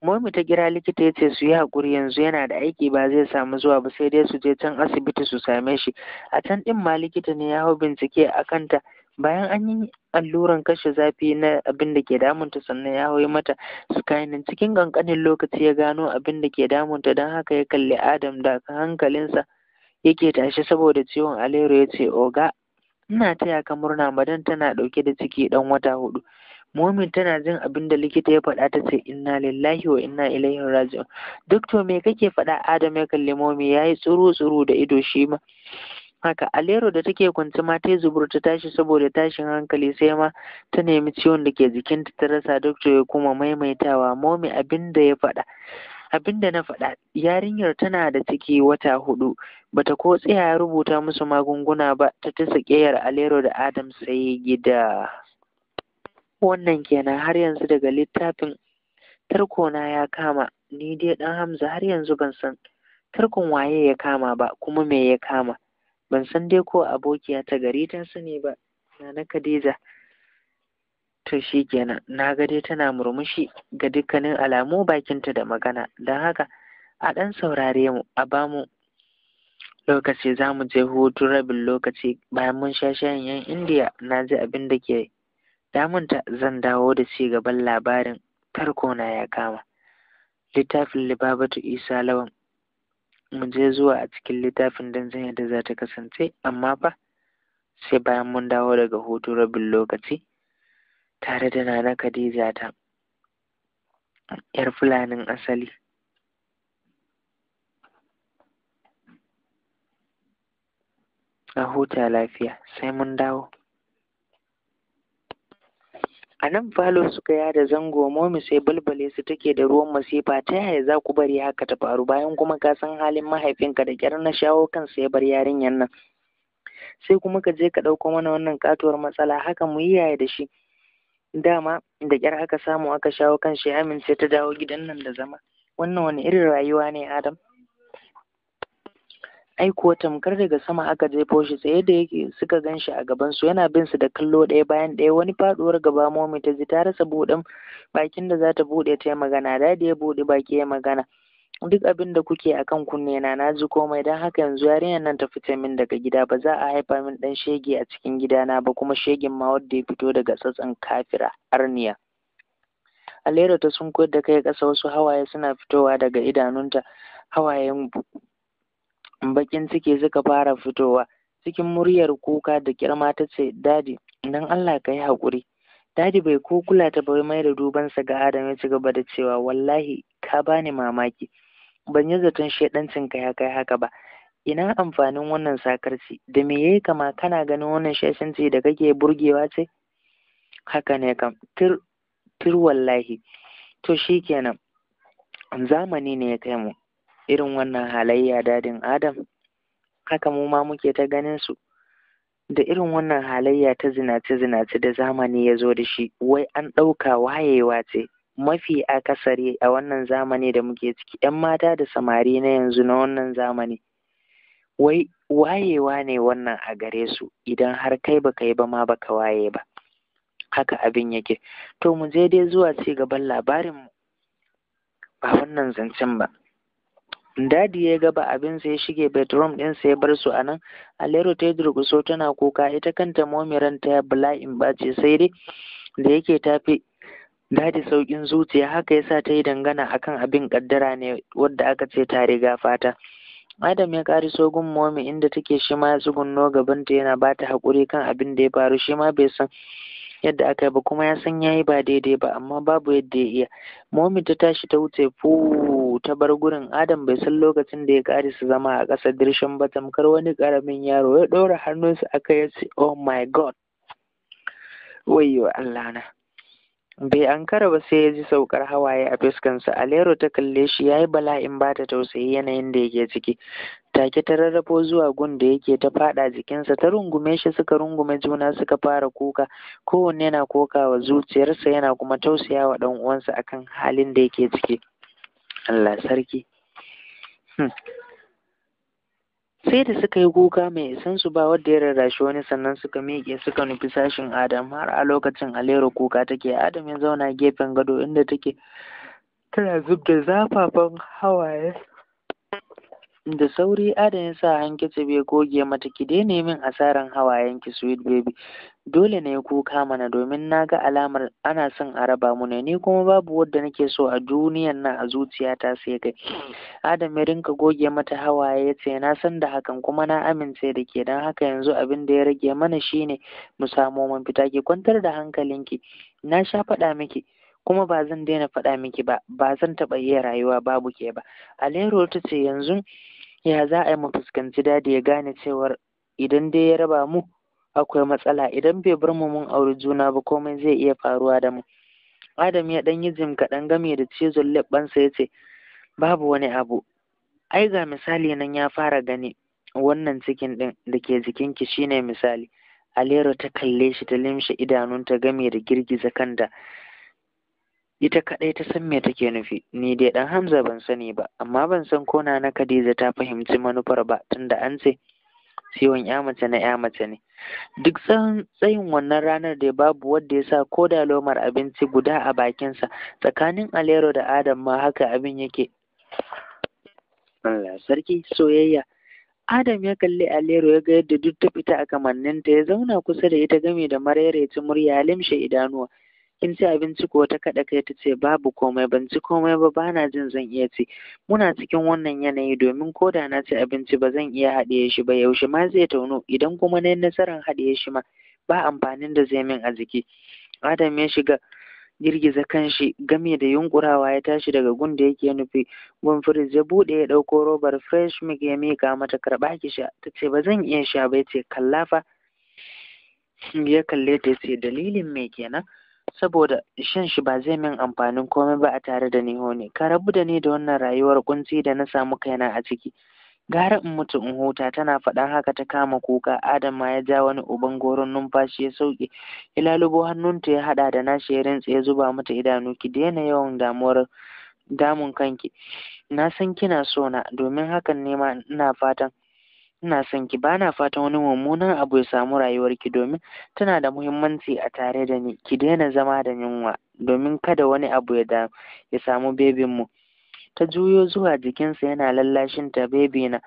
Momi ta kira likita ya ce su yi haƙuri yanzu yana da aiki ba zai samu zuwa ba sai dai su je can asibiti su same shi. A can ɗin ma likita ne ya hau bincike a kanta bayan an yi alluran kashe zafi na abin da ke damunta sannan ya hau mata skynin cikin kankanin lokaci ya gano abin da ke damunta don haka ya kalli adam da hankalinsa yake tashi saboda ciwon alero ya ce oga ina taya ka murna madan tana ɗauke da ciki ɗan wata hudu Momin tana jin abin da likita ya faɗa ta ce inna lillahi wa inna ilaihi raji'un. Duk to me kake faɗa Adam ya kalli Momi yayi yi tsuru tsuru da ido shi ma. haka alero da take kwance ma ta zubur ta tashi saboda tashin hankali sai ma ta nemi ciwon da ke jikinta ta rasa doctor ya kuma maimaitawa momi abin da ya faɗa abin da na faɗa yarinyar tana da ciki wata hudu bata ko tsaya rubuta musu magunguna ba ta ta sakeyar alero da adam sai gida wannan kenan har yanzu daga littafin tarkona ya kama ni dai dan hamza har yanzu ban san tarkon waye ya kama ba kuma me ya kama ban san dai ko abokiya ta gari ta sani ba nana Khadija to shikenan na ga dai tana murmushi ga dukkanin alamu bakinta da magana don haka a ɗan saurare mu a bamu lokaci za mu je hutu rabin lokaci bayan mun sha shayin yan indiya na ji abin da ke damunta zan dawo da ci gaban labarin tarko na ya kama littafin libabatu isa lawan mu je zuwa a cikin littafin don zan yadda za ta kasance amma fa sai bayan mun dawo daga hutu rabin lokaci tare da nana khadija ta yar fulanin asali a huta lafiya sai mun dawo a nan falo suka yada zango momi sai balbale su take da ruwan masifa ta yaya za ku bari haka ta faru bayan kuma ka san halin mahaifinka da kyar na shawo kansa ya bar yarinyar nan sai kuma ka je ka ɗauko mana wannan katuwar matsala haka mu yi yaya da shi dama da kyar aka samu aka shawo kan shi amince ta dawo gidan nan da zama wannan wani irin rayuwa ne adam Aikuwa tamkar daga sama aka jefo shi tsaye da yake suka gan shi a gaban su yana bin su da kallo ɗaya bayan ɗaya wani faɗuwar gaba momi ta ji ta rasa buɗin bakin da za ta buɗe ta yi magana dadi ya buɗe baki ya magana duk abin da kuke a kan kunne na na ji komai don haka yanzu yarinyar nan ta fita min daga gida ba za a haifa min ɗan shege a cikin gidana ba kuma shegen ma wanda ya fito daga tsatsan kafira arniya alera ta sun da kai ƙasa wasu hawaye suna fitowa daga idanunta hawayen bakin ciki suka fara fitowa cikin muryar kuka da kirma ta ce dadi don allah ka yi haƙuri dadi bai ko kula ta bai mai da dubansa ga adam ya ci gaba da cewa wallahi ka bani mamaki ban yi zaton shaidancin ka ya kai haka ba ina amfanin wannan sakarci da me yayi kama kana ganin wannan shashanci da kake burgewa ce haka ne kam tir tir wallahi to shikenan zamani ne ya kai mu irin wannan halayya dadin adam haka mu ma muke ta ganin su da irin wannan halayya ta zinace zinace da zamani ya zo da shi wai an ɗauka wayewa ce mafi akasari a wannan zamani da muke ciki ‘yan mata da samari na yanzu na wannan zamani wai wayewa ne wannan a gare su idan har kai baka yi ba ma baka waye ba haka abin yake to mu je dai zuwa ci gaban labarin ba wannan zancen ba Dadi ya gaba abinsa ya shige bedroom din ya bar su anan. Alero ta yi tana kuka ita kanta momiran ta ya bala'in bace sai dai da yake tafi dadi saukin zuciya haka yasa ta yi dangana akan abin ƙaddara ne wadda aka ce ta riga fata. Adam ya kari sogun momi inda take shi ma ya gaban ta yana bata hakuri kan abin da ya faru shi ma bai san yadda aka yi ba kuma ya san yayi yi ba daidai ba amma babu yadda ya iya. Momi ta tashi ta wuce fu ta bar gurin Adam bai san lokacin da ya kare su zama a ƙasa dirshin ba tamkar wani ƙaramin yaro ya ɗora hannunsa a kai ya ce oh my god wayo Allah na bai ankara ba sai ya ji saukar hawaye a fuskansa alero ta kalle shi yayi bala'in ba ta tausayi yanayin da yake ciki take ta rarrafo zuwa gun da yake ta faɗa jikinsa ta rungume shi suka rungume juna suka fara kuka kowanne yana kokawa zuciyarsa yana kuma tausayawa dan uwansa akan halin da yake ciki Allah sarki hmm. sai da suka yi kuka mai isan su ba wadda ya rarrashi wani sannan suka miƙe suka nufi sashin Adam har a lokacin Alero kuka take Adam ya zauna gefen gado inda take tana zub da zafafan hawaye Da sauri adadin ya sa ta ya goge mata ki daina min asaran ki sweet baby. Dole ne ku kuka mana domin na ga alamar ana son a raba mu ne ni kuma babu wadda nake so a duniyar nan a zuciyata sai kai. Adam ya rinka goge mata hawaye ya ce na san da hakan kuma na amince da ke don haka yanzu abin da ya rage mana shine mu samo mun fita ki kwantar da hankalinki. Na sha faɗa miki. kuma ba zan daina faɗa miki ba ba zan taɓa yi rayuwa babu ke ba alero ta ce yanzu ya za a yi mu fuskanci dadi ya gane cewar idan dai ya raba mu akwai matsala idan bai bar mu mun auri juna ba komai zai iya faruwa da mu adam ya ɗan yi jim kaɗan game da cizon leɓɓansa ya ce babu wani abu ai ga misali nan ya fara gani wannan cikin ɗin da ke jikin ki shine misali alero ta kalle shi ta limshe idanunta game da girgiza kanta ita kaɗai ta san me take nufi ni dai ɗan hamza ban sani ba amma ban san ko na khadija ta fahimci manufar ba tunda an ce ciwon ya mace na ya mace ne duk tsayin wannan ranar da babu wanda ya sa ko da lomar abinci guda a bakinsa tsakanin alero da adam ma haka abin yake Allah sarki soyayya Adam ya kalli Alero ya ga yadda duk ta fita a kamanninta ya zauna kusa da ita game da marereci murya limshe idanuwa kin ci abinci ko ta kaɗa kai ta ce babu komai ban ci komai ba ba na jin zan iya ci muna cikin wannan yanayi domin ko da na ci abinci ba zan iya haɗiye shi ba yaushe ma zai tauno idan kuma na yi nasarar haɗiye shi ma ba amfanin da zai min a jiki adam ya shiga girgiza kanshi game da yunkurawa ya tashi daga gun da yake nufi gun firij ya buɗe ya ɗauko robar fresh milk ya mika mata karɓa ki sha ta ce ba zan iya sha ba ya ce kallafa ya kalle ta ce dalilin me kenan saboda shan shi ba zai min amfanin komai ba a tare da ni hone ka rabu da ni da wannan rayuwar kunci da na samu kaina a ciki gara in mutu in huta tana faɗan haka ta kama kuka Adama ya ja wani uban goron numfashi ya sauke ya lalubo hannunta ya haɗa da nashi ya rintsa ya zuba mata idanu ki daina yawan damuwar damun kanki na san kina sona, domin hakan ne ma ina fatan ina son ki bana fatan wani mummunan abu ya samu rayuwarki domin tana da muhimmanci a tare da ni ki daina zama da yunwa domin kada wani abu ya ya samu bebin mu ta juyo zuwa jikinsa yana lallashin ta bebi na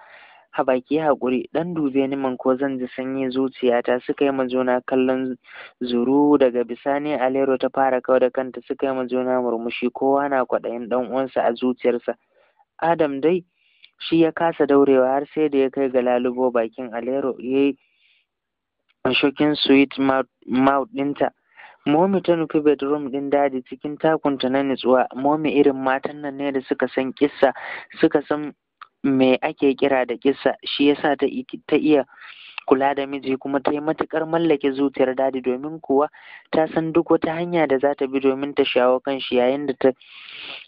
a baki haƙuri ɗan dube ni man ko zan ji sanyi zuciyata suka yi ma juna kallon zuru daga bisani alero ta fara kawo da kanta suka yi ma juna murmushi kowa na kwaɗayin ɗan uwansa a zuciyarsa adam dai shi ya kasa daurewa har sai da ya kai ga lalubo bakin alero ya yi shokin sweet mouth ɗinta momi ta nufi bedroom din daji, cikin takunta na nutsuwa momi irin matan nan ne da suka san kissa suka san me ake kira da kisa, shi yasa ta, ta iya kula da miji kuma ta yi matuƙar mallake zuciyar dadi domin kuwa ta san duk wata hanya da za ta bi domin ta shawo kan shi yayin da ta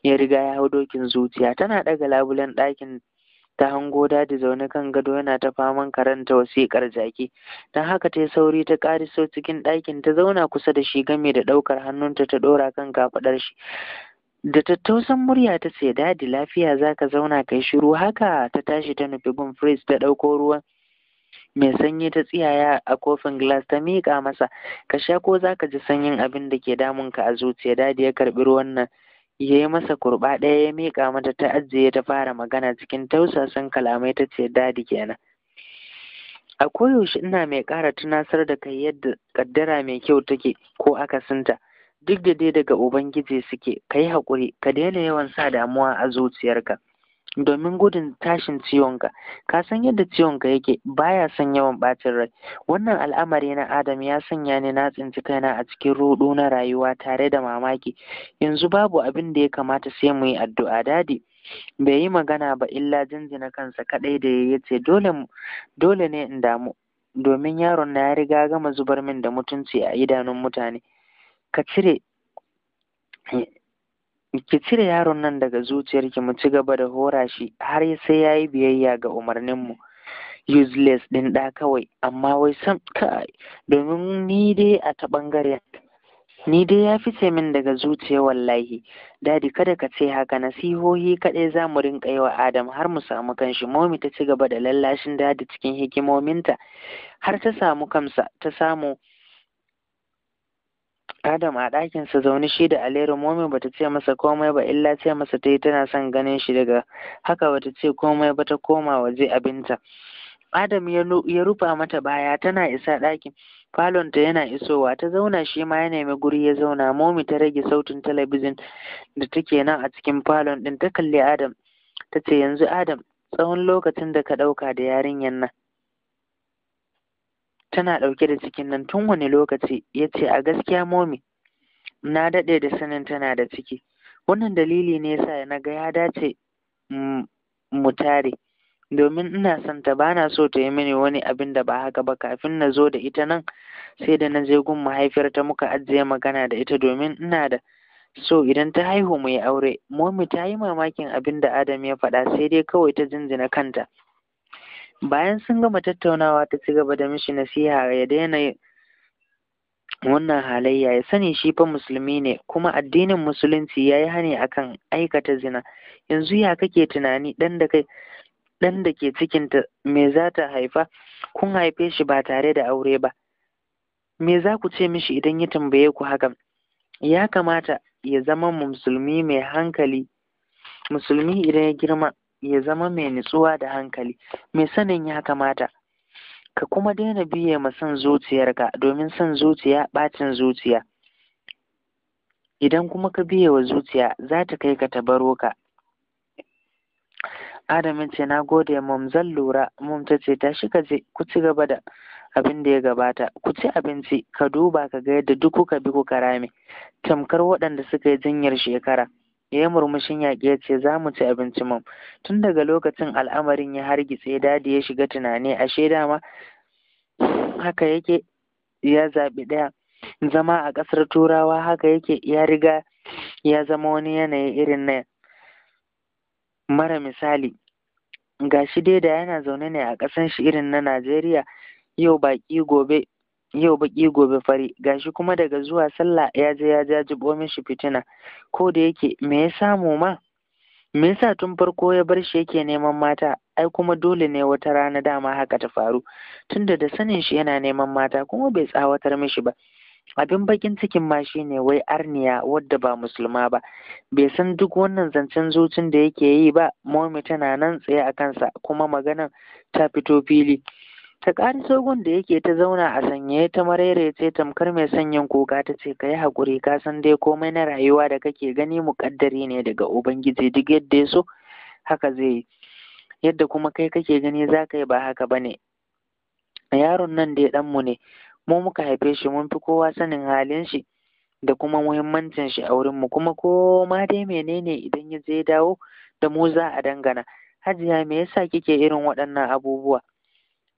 ya riga ya hau dokin zuciya tana ɗaga labulen ɗakin ta hango dadi zaune kan gado yana ta faman karanta wasikar jaki don haka ta sauri ta sau cikin ɗakin ta zauna kusa da shi game da ɗaukar hannunta ta ɗora kan kafaɗar shi da tattausan murya ta ce dadi lafiya zaka zauna kai shiru haka ta tashi ta nufi bun fris ta ɗauko ruwa? mai sanyi ta tsiyaya a kofin glass ta miƙa masa ka sha ko zaka ji sanyin abin da ke damunka a zuciya dadi ya karɓi ruwan nan ya yi masa kurɓa ɗaya ya miƙa mata ta ajiye ta fara magana cikin tausasan kalamai ta ce dadi kenan a koyaushe ina mai ƙara tunasar da kai yadda ƙaddara mai kyau take ko akasinta duk da dai daga ubangiji suke ka yi haƙuri ka daina yawan sa damuwa a zuciyarka domin gudun tashin ciwonka ka san yadda ciwonka yake baya son yawan bacin rai wannan al'amari na adam ya sanya ni na tsinci kaina a cikin ruɗu na rayuwa tare da mamaki yanzu babu abin da ya kamata sai mu yi addu'a dadi bai yi magana ba illa jinjina kansa kadai da ya ce dole dole ne in damu domin yaron na ya riga gama zubar min da mutunci a idanun mutane ka cire ki cire yaron nan daga zuciyar ki, mu ci gaba da hora shi har sai ya yi biyayya ga umarninmu useless ɗin ɗa kawai amma wai sam kai domin ni dai a ta ɓangaren ni dai ya fice min daga zuciya wallahi dadi kada ka ce haka nasihohi kaɗai za mu rinƙa yi wa adam har mu samu kanshi momi ta ci gaba da lallashin dadi cikin hikimominta har ta samu kamsa ta samu Adam a ɗakinsa zaune shi da Aliyu, momi bata ce masa komai ba illa ce masa ta yi tana son ganin shi daga haka bata ce komai ba ta koma waje abinta. Adam ya rufa mata baya tana isa ɗakin falonta yana isowa ta zauna shi ma ya nemi guri ya zauna momi ta rage sautin talabijin da take nan a cikin falon ɗin ta kalli Adam ta ce yanzu Adam tsawon lokacin da ka ɗauka da yarinyar nan tana ɗauke da cikin nan tun wani lokaci ya ce a gaskiya momi na daɗe da sanin tana da ciki wannan dalili ne yasa na ga ya dace mu tare domin ina son ta bana so ta yi mini wani abin da ba haka ba kafin na zo da ita nan sai da na je gun mahaifiyarta muka ajiye magana da ita domin ina da so idan ta haihu mu yi aure momi ta yi mamakin abin da adam ya faɗa sai dai kawai ta jinjina kanta bayan sun gama tattaunawa ta ci gaba da mishi nasiha ya daina wannan halayya ya sani shi fa musulmi ne kuma addinin musulunci ya yi hani akan aikata zina yanzu ya kake tunani ɗan da ke cikinta me za ta haifa kun haife shi ba tare da aure ba me za ku ce mishi idan ya tambaye ku hakan ya kamata ya zama musulmi mai hankali musulmi idan ya girma ya zama mai nutsuwa da hankali mai sanin ya kamata ka kuma daina biye ma son zuciyarka domin son zuciya bacin zuciya idan kuma ka biye wa zuciya za ta kai ka tabaro ka adamin ce na gode mom zan lura mom ta ce tashi ka je ku ci gaba da abin da ya gabata ku ci abinci ka duba ka ga yadda duk kuka bi kuka rame tamkar waɗanda suka yi jinyar shekara ya murmushin yaƙi ya ce za mu ci abinci mam tun daga lokacin al'amarin ya hargitse dadi ya shiga tunani ashe dama haka yake ya zaɓi ɗaya zama a ƙasar turawa haka yake ya riga ya zama wani yanayi irin na mara misali gashi shi dai da yana zaune ne a ƙasan shi irin na najeriya yau baƙi gobe yau baƙi gobe fari gashi kuma daga zuwa sallah ya je ya jajibo mishi fitina ko da yake me ya samu ma me yasa tun farko ya bar shi yake neman mata ai kuma dole ne wata rana dama haka ta faru tunda da sanin shi yana neman mata kuma bai tsawatar mishi ba abin bakin cikin ma ne wai arniya wadda ba musulma ba bai san duk wannan zancen zucin da yake yi ba momi tana nan tsaye a kansa kuma maganan ta fito fili ta ƙari sogon da yake ta zauna a sanye ta ce tamkar mai sanyin kuka ta ce ka yi haƙuri ka san dai komai na rayuwa da kake gani muƙaddari ne daga ubangiji duk yadda ya so haka zai yi yadda kuma kai kake gani za ka yi ba haka ba ne yaron nan dai ɗanmu ne mu muka haife shi mun fi kowa sanin halin shi da kuma muhimmancin shi a wurin mu, kuma ko ma dai menene idan ya je dawo da mu za a dangana hajiya me yasa kike irin waɗannan abubuwa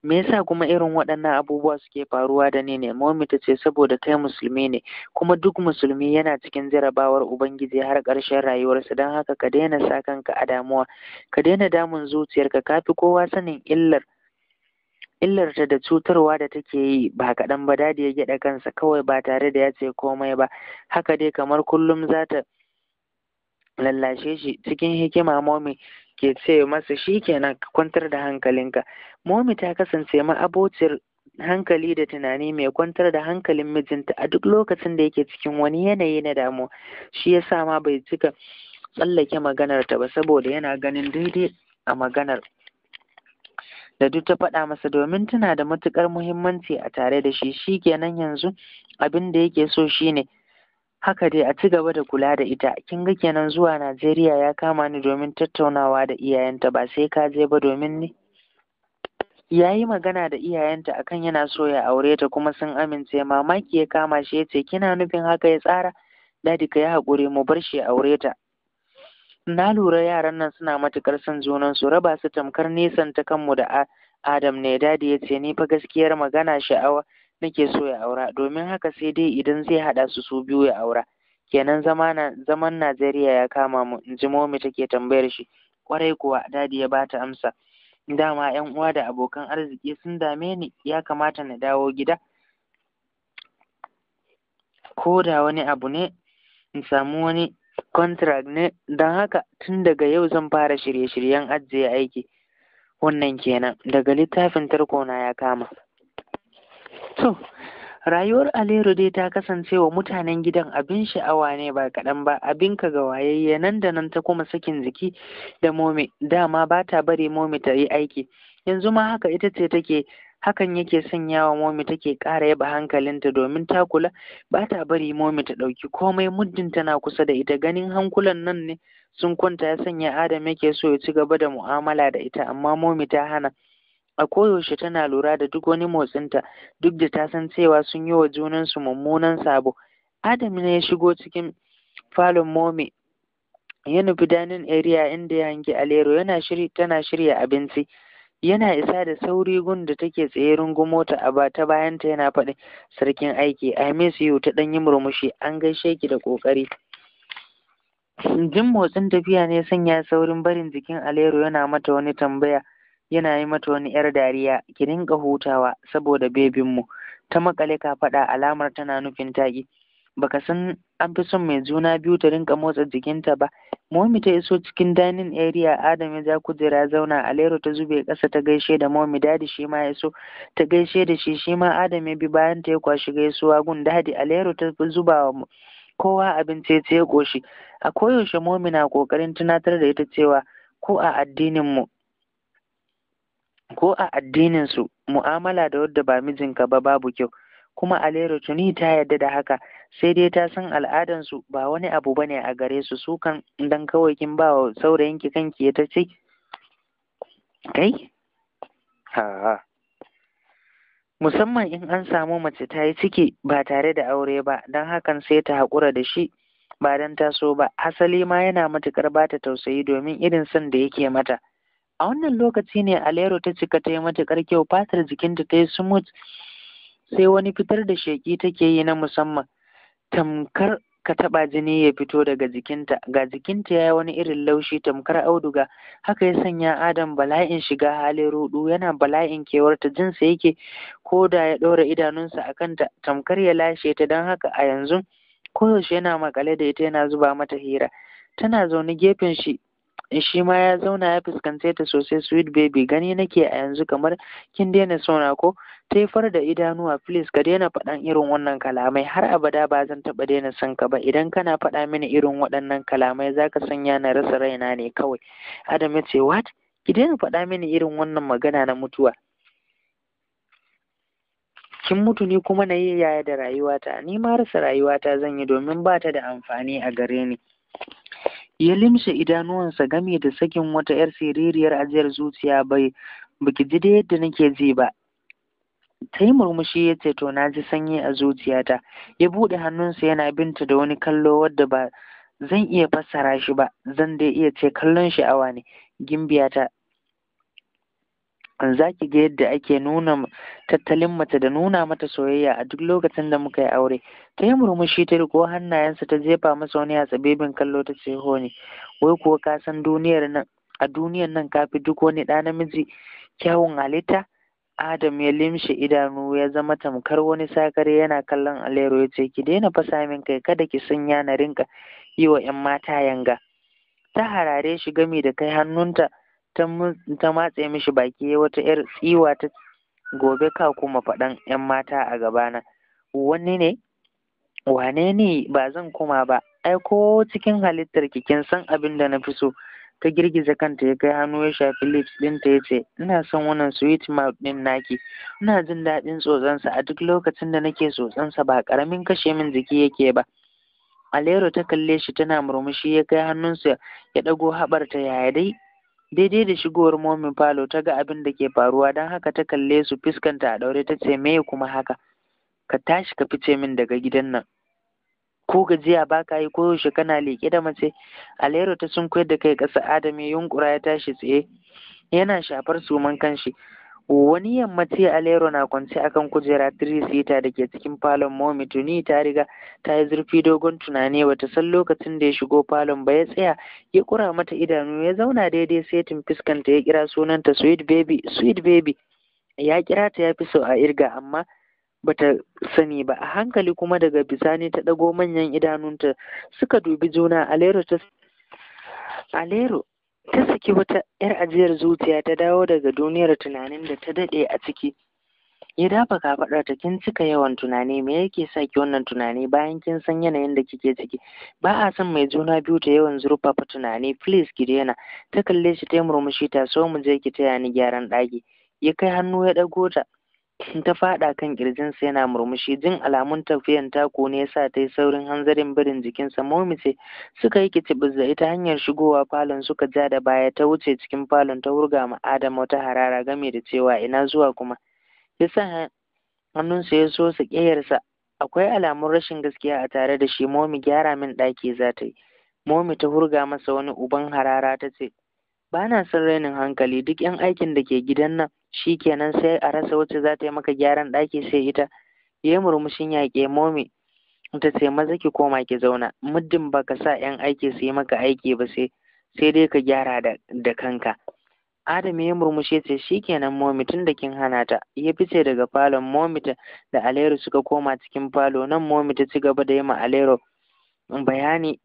me yasa kuma irin waɗannan abubuwa suke faruwa da ni ne momi ta ce saboda kai musulmi ne kuma duk musulmi yana cikin jarabawar ubangiji har ƙarshen rayuwarsa don haka ka daina sa kanka a damuwa ka daina damun zuciyarka ka fi kowa sanin illar illarta da cutarwa da take yi ba kaɗan ba dadi ya gyaɗa kansa kawai ba tare da ya ce komai ba haka dai kamar kullum za ta lallashe shi cikin hikima momi ke ce masa shi kenan ka kwantar da hankalinka momi ta kasance ma'abociyar hankali da tunani mai kwantar da hankalin mijinta a duk lokacin da yake cikin wani yanayi na damu shi yasa ma bai cika tsallake maganar ta ba saboda yana ganin daidai a maganar da duk ta faɗa masa domin tana da matuƙar muhimmanci a tare da shi shi kenan yanzu abin da yake so shine haka dai a ci gaba da kula da ita kin ga kenan zuwa Najeriya ya kama ni domin tattaunawa da iyayenta ba sai ka je ba domin ni ya magana da iyayenta akan yana so ya aure ta kuma sun amince mamaki ya kama shi ya ce kina nufin haka ya tsara dadi ka yi haƙuri mu bar shi ya aure ta na lura yaran nan suna matukar son junan su raba su tamkar nisan ta kanmu da Adam ne dadi ya ce ni fa gaskiyar magana sha'awa nake so ya aura domin haka sai dai idan zai haɗa su su biyu ya aura kenan zaman Najeriya ya kama mu in ji momi take tambayar shi kwarai kuwa dadi ya bata amsa dama yan uwa da abokan arziki sun dame ni ya kamata na dawo gida ko da wani abu ne in samu wani contract ne don haka tun daga yau zan fara shirye-shiryen ajiye aiki wannan kenan daga littafin tarko na ya kama To, rayuwar Alero dai ta kasance wa mutanen gidan abin sha'awa ne ba kaɗan ba, abin ka ga wayayye nan da nan ta kuma sakin jiki da momi, dama ba ta bari momi ta yi aiki. Yanzu ma haka ita ce take hakan yake wa momi take ƙara yaba hankalinta domin ta kula ba ta bari momi ta ɗauki komai muddin tana kusa da ita ganin hankulan nan ne sun kwanta ya sanya adam yake so ya ci gaba da mu'amala da ita amma momi ta hana a koyaushe tana lura da duk wani motsinta duk da ta san cewa sun yi wa junansu mummunan sabo adam ne ya shigo cikin falon momi ya nufi Eriya, area inda ya hangi alero yana shiri tana shirya abinci yana isa da sauri gun da take tsaye rungumo ta a bata bayanta yana faɗi. sarkin aiki i miss you ta ɗan yi murmushi an gaishe ki da ƙoƙari jin motsin tafiya ne sanya saurin barin jikin alero yana mata wani tambaya yana yi mata wani yar dariya ki rinka hutawa saboda bebin mu ta makale ka faɗa alamar tana nufin taƙi baka san an fi son mai juna biyu ta rinka motsa jikinta ba momi ta iso cikin dining area adam ya ja kujera zauna alero ta zube ƙasa ta gaishe da momi dadi shi ma ya so ta gaishe da shi shi ma adam ya bi bayan ta ya kwashi gaisuwa gun dadi alero ta zuba wa kowa abinci ya ƙoshi a koyaushe momi na ƙoƙarin tunatar da ita cewa ko a addinin mu ko a addininsu mu'amala da wadda ba mijinka ba babu kyau kuma alero tuni ta yadda da haka sai dai ta san al'adansu ba wani abu bane a gare su sukan, kan dan kawai kin ba wa saurayinki kanki ya tace kai ha musamman in an samu mace ta yi ciki ba tare da aure ba don hakan sai ta haƙura da shi ba don taso ba asali ma yana matuƙar ba ta tausayi domin irin son da yake mata a wannan lokaci ne alero ta cika ta yi matuƙar kyau fatar jikinta ta yi smooth sai wani fitar da sheƙi take yi na musamman tamkar ka taɓa jini ya fito daga jikinta ga jikinta ya yi wani irin laushi tamkar auduga haka ya sanya adam bala'in shiga halin rudu yana bala'in kewarta jinsa yake ko da ya ɗora idanunsa a kanta tamkar ya lashe ta don haka a yanzu koyaushe yana makale da ita yana zuba mata hira tana zaune gefen shi in shi ma ya zauna ya fuskance ta sosai sweet baby gani nake a yanzu kamar kin daina sona ko "Ta far da idanuwa please ka daina faɗan irin wannan kalamai har abada ba zan taɓa daina son ka ba idan kana faɗa mini irin waɗannan kalamai za ka sanya na rasa raina ne kawai adam ya ce what ki daina faɗa mini irin wannan magana na mutuwa kin mutu ni kuma na yi yaya da rayuwata ni ma rasa rayuwata zan yi domin ba ta da amfani a gare ni ya limshe idanuwansa game da sakin wata yar siririyar ajiyar zuciya bai baki ji da yadda nake ji ba ta yi murmushi ya ce to na ji sanyi a zuciyata ya buɗe hannunsa yana binta da wani kallo wadda ba zan iya fassara shi ba zan dai iya ce kallon sha'awa ne gimbiyata za ki ga yadda ake nuna tattalin mace da nuna mata soyayya a duk lokacin da muka yi aure ta yi murmushi ta riko hannayensa ta jefa masa wani a tsabebin kallo ta ce ho ne. wai kuwa ka san duniyar nan a duniyar nan ka fi duk wani ɗa namiji kyawun halitta adam ya limshe idanu ya zama tamkar wani sakare yana kallon alero ya ce ki daina fasa min kai kada ki sanya na rinka yi wa 'yan mata yanga ta harare shi gami da kai hannunta ta matse mishi baki wata yar tsiwa ta gobe ka kuma faɗan ‘yan mata a gabana wani ne wane ne ba zan kuma ba ai ko cikin halittar kikin san abin da na fi so ta girgiza kanta ya kai hannu ya shafi lips ɗinta ya ce ina son wannan sweet mouth ɗin naki ina jin daɗin tsotsansa a duk lokacin da nake tsotsansa ba ƙaramin kashe min jiki yake ba alero ta kalle shi tana murmushi ya kai hannunsa ya ɗago haɓarta yaya dai daidai da shigowar momin falo ta ga abin da ke faruwa don haka ta kalle su fuskanta a ɗaure ta ce me kuma haka ka tashi ka fice min daga gidan nan ko gajiya ba ka yi koyaushe kana leƙe da mace alero ta sun koyar da kai ƙasa adam ya yunƙura ya tashi tsaye yana shafar suman kanshi wani yammaci alero na kwance akan kujera 3 tirisita da ke cikin falon momi tuni ta riga ta yi zurfi dogon tunani bata san lokacin da ya shigo falon ba ya tsaya ya kura mata idanu ya zauna daidai setin fuskanta ya kira sunanta sweet baby sweet baby ya kira ta ya fi sau a irga amma bata sani ba a hankali kuma daga bisani ta ɗago manyan idanunta suka dubi juna lero ta alero ta saki wata ‘yar ajiyar zuciya ta dawo daga duniyar tunanin da ta daɗe a ciki. Ya dafa kafaɗa ta kin cika yawan tunani me yake sa ki wannan tunani bayan kin san yanayin da kike ciki. Ba a son mai juna biyu ta yawan zurfafa tunani please ki daina. Ta kalle shi ta murmushi ta so mu je ki taya ni gyaran ɗaki. Ya kai hannu ya ɗago ta. ta faɗa kan ƙirjinsa yana murmushi jin alamun tafiyan taku ne yasa ta yi saurin hanzarin birin jikinsa momice suka yi kicibis da ita hanyar shigowa falon suka ja da baya ta wuce cikin falon ta wurga ma adam wata harara game da cewa ina zuwa kuma Ya yasa hannunsa ya so su ƙeyarsa akwai alamun rashin gaskiya a tare da shi momi gyara min ɗaki za ta yi momi ta hurga masa wani uban harara ta ce ba na son rainin hankali duk yan aikin da ke gidan nan shi kenan sai a rasa wacce za ta yi maka gyaran ɗaki sai ita ya yi murmushin yaƙe momi ta ce maza ki koma ki zauna muddin ba ka sa yan aiki su yi maka aiki ba sai sai dai ka gyara da, kanka Adam ya murmushe ce kenan momi tun da kin hana ta ya fice daga falon momi da Alero suka koma cikin falo nan momi ta ci gaba da yi ma Alero bayani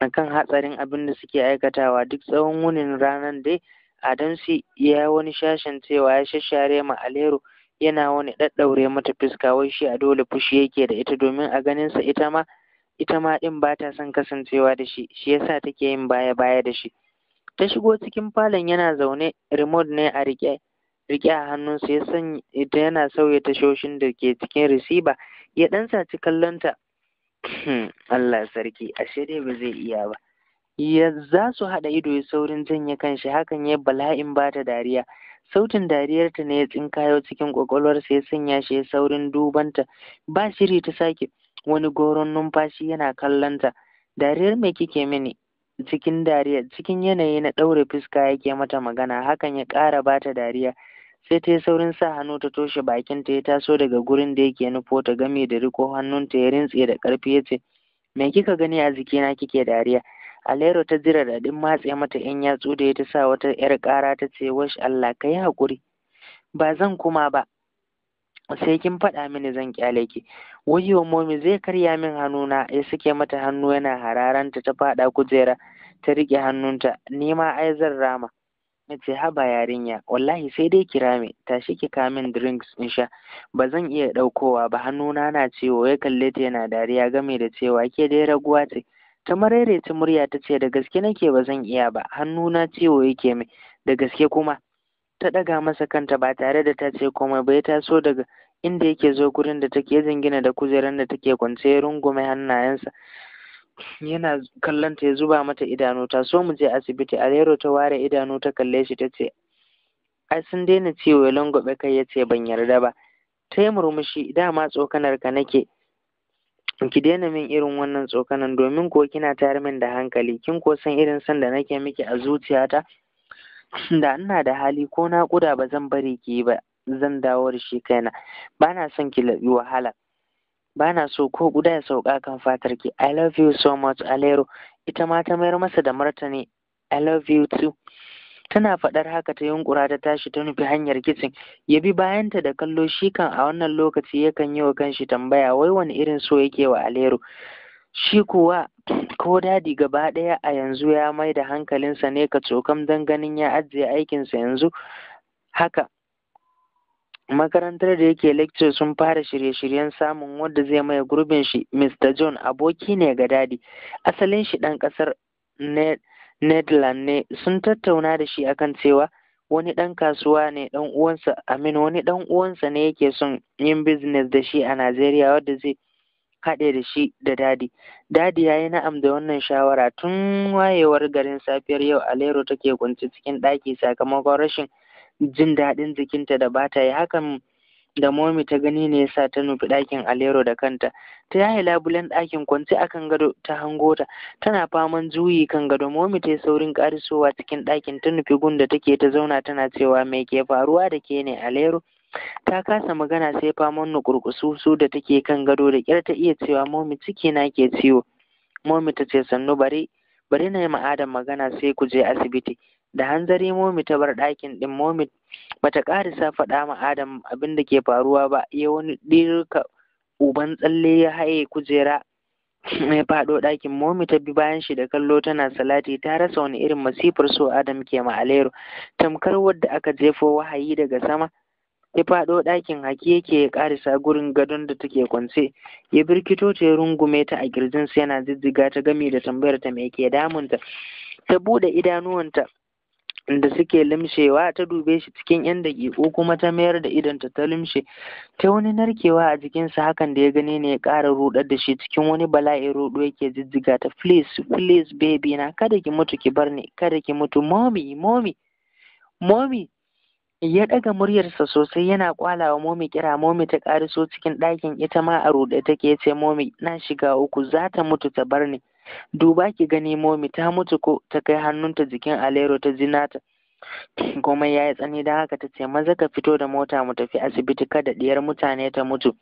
akan hatsarin abin da suke aikatawa duk tsawon wunin ranar dai Adamsi ya wani shashin cewa ya shashare ma Alero yana wani ɗaɗɗaure mata fuska wai shi a dole fushi yake da ita domin a ganinsa ita ma ita ma ɗin ba ta son kasancewa da shi shi yasa take yin baya baya da shi ta shigo cikin falon yana zaune remote ne a riƙe riƙe a hannunsa ya sanya yana sauya tashoshin da ke cikin receiver ya ɗan saci kallonta Hmm, Allah sarki ashe dai ba zai iya ba ya za su haɗa ido ya saurin janye shi? hakan ya bala'in ba ta dariya sautin dariyarta ne ya tsinkayo cikin kwakwalwarsa ya sanya shi ya saurin dubanta ba shiri ta sake wani goron numfashi yana kallonta dariyar me kike mini cikin dariya cikin yanayi na ɗaure fuska yake mata magana hakan ya ƙara ba ta dariya sai ta yi saurin sa hannu ta toshe bakin ta ya taso daga gurin da yake nufo ta gami da riko hannunta ya rintse da ƙarfi ya ce me kika gani a jikina kike dariya alero ta jira daɗin matse mata yan yatsu da ya ta sa wata yar ƙara ta ce wash allah ka yi haƙuri ba zan kuma ba sai kin faɗa mini zan kyale ki wayo momi zai karya min hannuna ya sake mata hannu yana hararanta ta faɗa kujera ta riƙe hannunta nima ai zan rama na ce haba yarinya wallahi sai dai kira me tashi ki kamin drinks in sha ba zan iya ɗaukowa ba hannuna na ciwo ya kalle ta yana dariya game da cewa ke dai raguwa ce ta mararece murya ta ce da gaske nake ba zan iya ba hannuna ciwo yake mai da gaske kuma ta ɗaga masa kanta ba tare da ta ce komai ba ya taso daga inda yake zo gurin da take zingina da kujerar da take kwance ya rungume hannayensa yana kallonta ya zuba mata idanu ta so mu je asibiti alero ta ware idanu ta kalle shi ta ce ai sun daina ciwo ya langobe kai ya ce ban yarda ba ta yi murmushi dama tsokanar ka nake ki daina min irin wannan tsokanan domin ko kina tayar min da hankali kin ko san irin san da nake miki a zuciyata da ina da hali ko naƙuda ba zan bari ki ba zan dawo da shi kaina ba na son ki laɓi wahala ba na so ko guda ya sauka kan fatar ki i love you so much alero ita ma ta mayar masa da martani i love you too tana faɗar haka ta yunkura ta tashi ta nufi hanyar kicin ya bi bayanta da kallo shi kan a wannan lokaci yakan yi wa kanshi tambaya wai wani irin so yake wa alero shi kuwa ko dadi gaba ɗaya a yanzu ya mai da hankalinsa ne ka tsokam don ganin ya ajiye aikinsa yanzu haka makarantar da yake lecture sun fara shirye-shiryen samun wanda zai maye gurbin shi Mr. John aboki ne ga dadi asalin shi dan kasar Netherlands ne sun tattauna da shi akan cewa wani dan kasuwa ne dan uwansa Amin wani dan uwansa ne yake son yin business da shi a Najeriya wanda zai haɗe da shi da dadi dadi ya yi na'am da wannan shawara tun wayewar garin safiyar yau alero take kunci cikin ɗaki sakamakon rashin jin daɗin jikinta da bata yi hakan da momi ta gani ne yasa ta nufi ɗakin alero da kanta ta yaye labulen ɗakin kwance a kan gado ta hango ta tana faman juyi kan gado momi ta yi saurin ƙarisowa cikin ɗakin ta nufi gun da take ta zauna tana cewa me ke faruwa da ke ne alero ta kasa magana sai faman nukurkusu su da take kan gado da ƙyar ta iya cewa momi ciki na ke ciwo momi ta ce sannu bari bari na yi ma'adan magana sai ku je asibiti da hanzari momi ta bar ɗakin ɗin momi ba ta ƙarisa faɗa ma adam abin da ke faruwa ba ya wani ɗirka uban tsalle ya haye kujera mai faɗo ɗakin momi ta bi bayan shi da kallo tana salati ta rasa wani irin masifar so adam ke ma alero tamkar wadda aka jefo wahayi daga sama ya faɗo ɗakin haki yake ya ƙarisa gurin gadon da take kwance ya birkito ta ya rungume ta a kirjinsa yana jijjiga ta gami da tambayar ta me ke damunta ta buɗe idanuwanta da suke limshewa ta dube shi cikin yan daƙiƙo kuma ta mayar da idonta ta limshe ta wani narkewa a jikinsa hakan da ya gani ne ya ƙara rudar da shi cikin wani bala'i ruɗu yake jijjiga ta please please baby na kada ki mutu ki bar ni kada ki mutu mommy mommy mommy ya ɗaga muryarsa sosai yana kwalawa momi kira momi ta ƙariso cikin ɗakin ita ma a ruɗe take ce momi na shiga uku za ta mutu ta bar ni duba ki gani momi ta mutu ko ta kai hannunta jikin alero ta zinata komai ya yi tsani don haka ta ce maza ka fito da mota mu tafi asibiti kada ɗiyar mutane ta mutu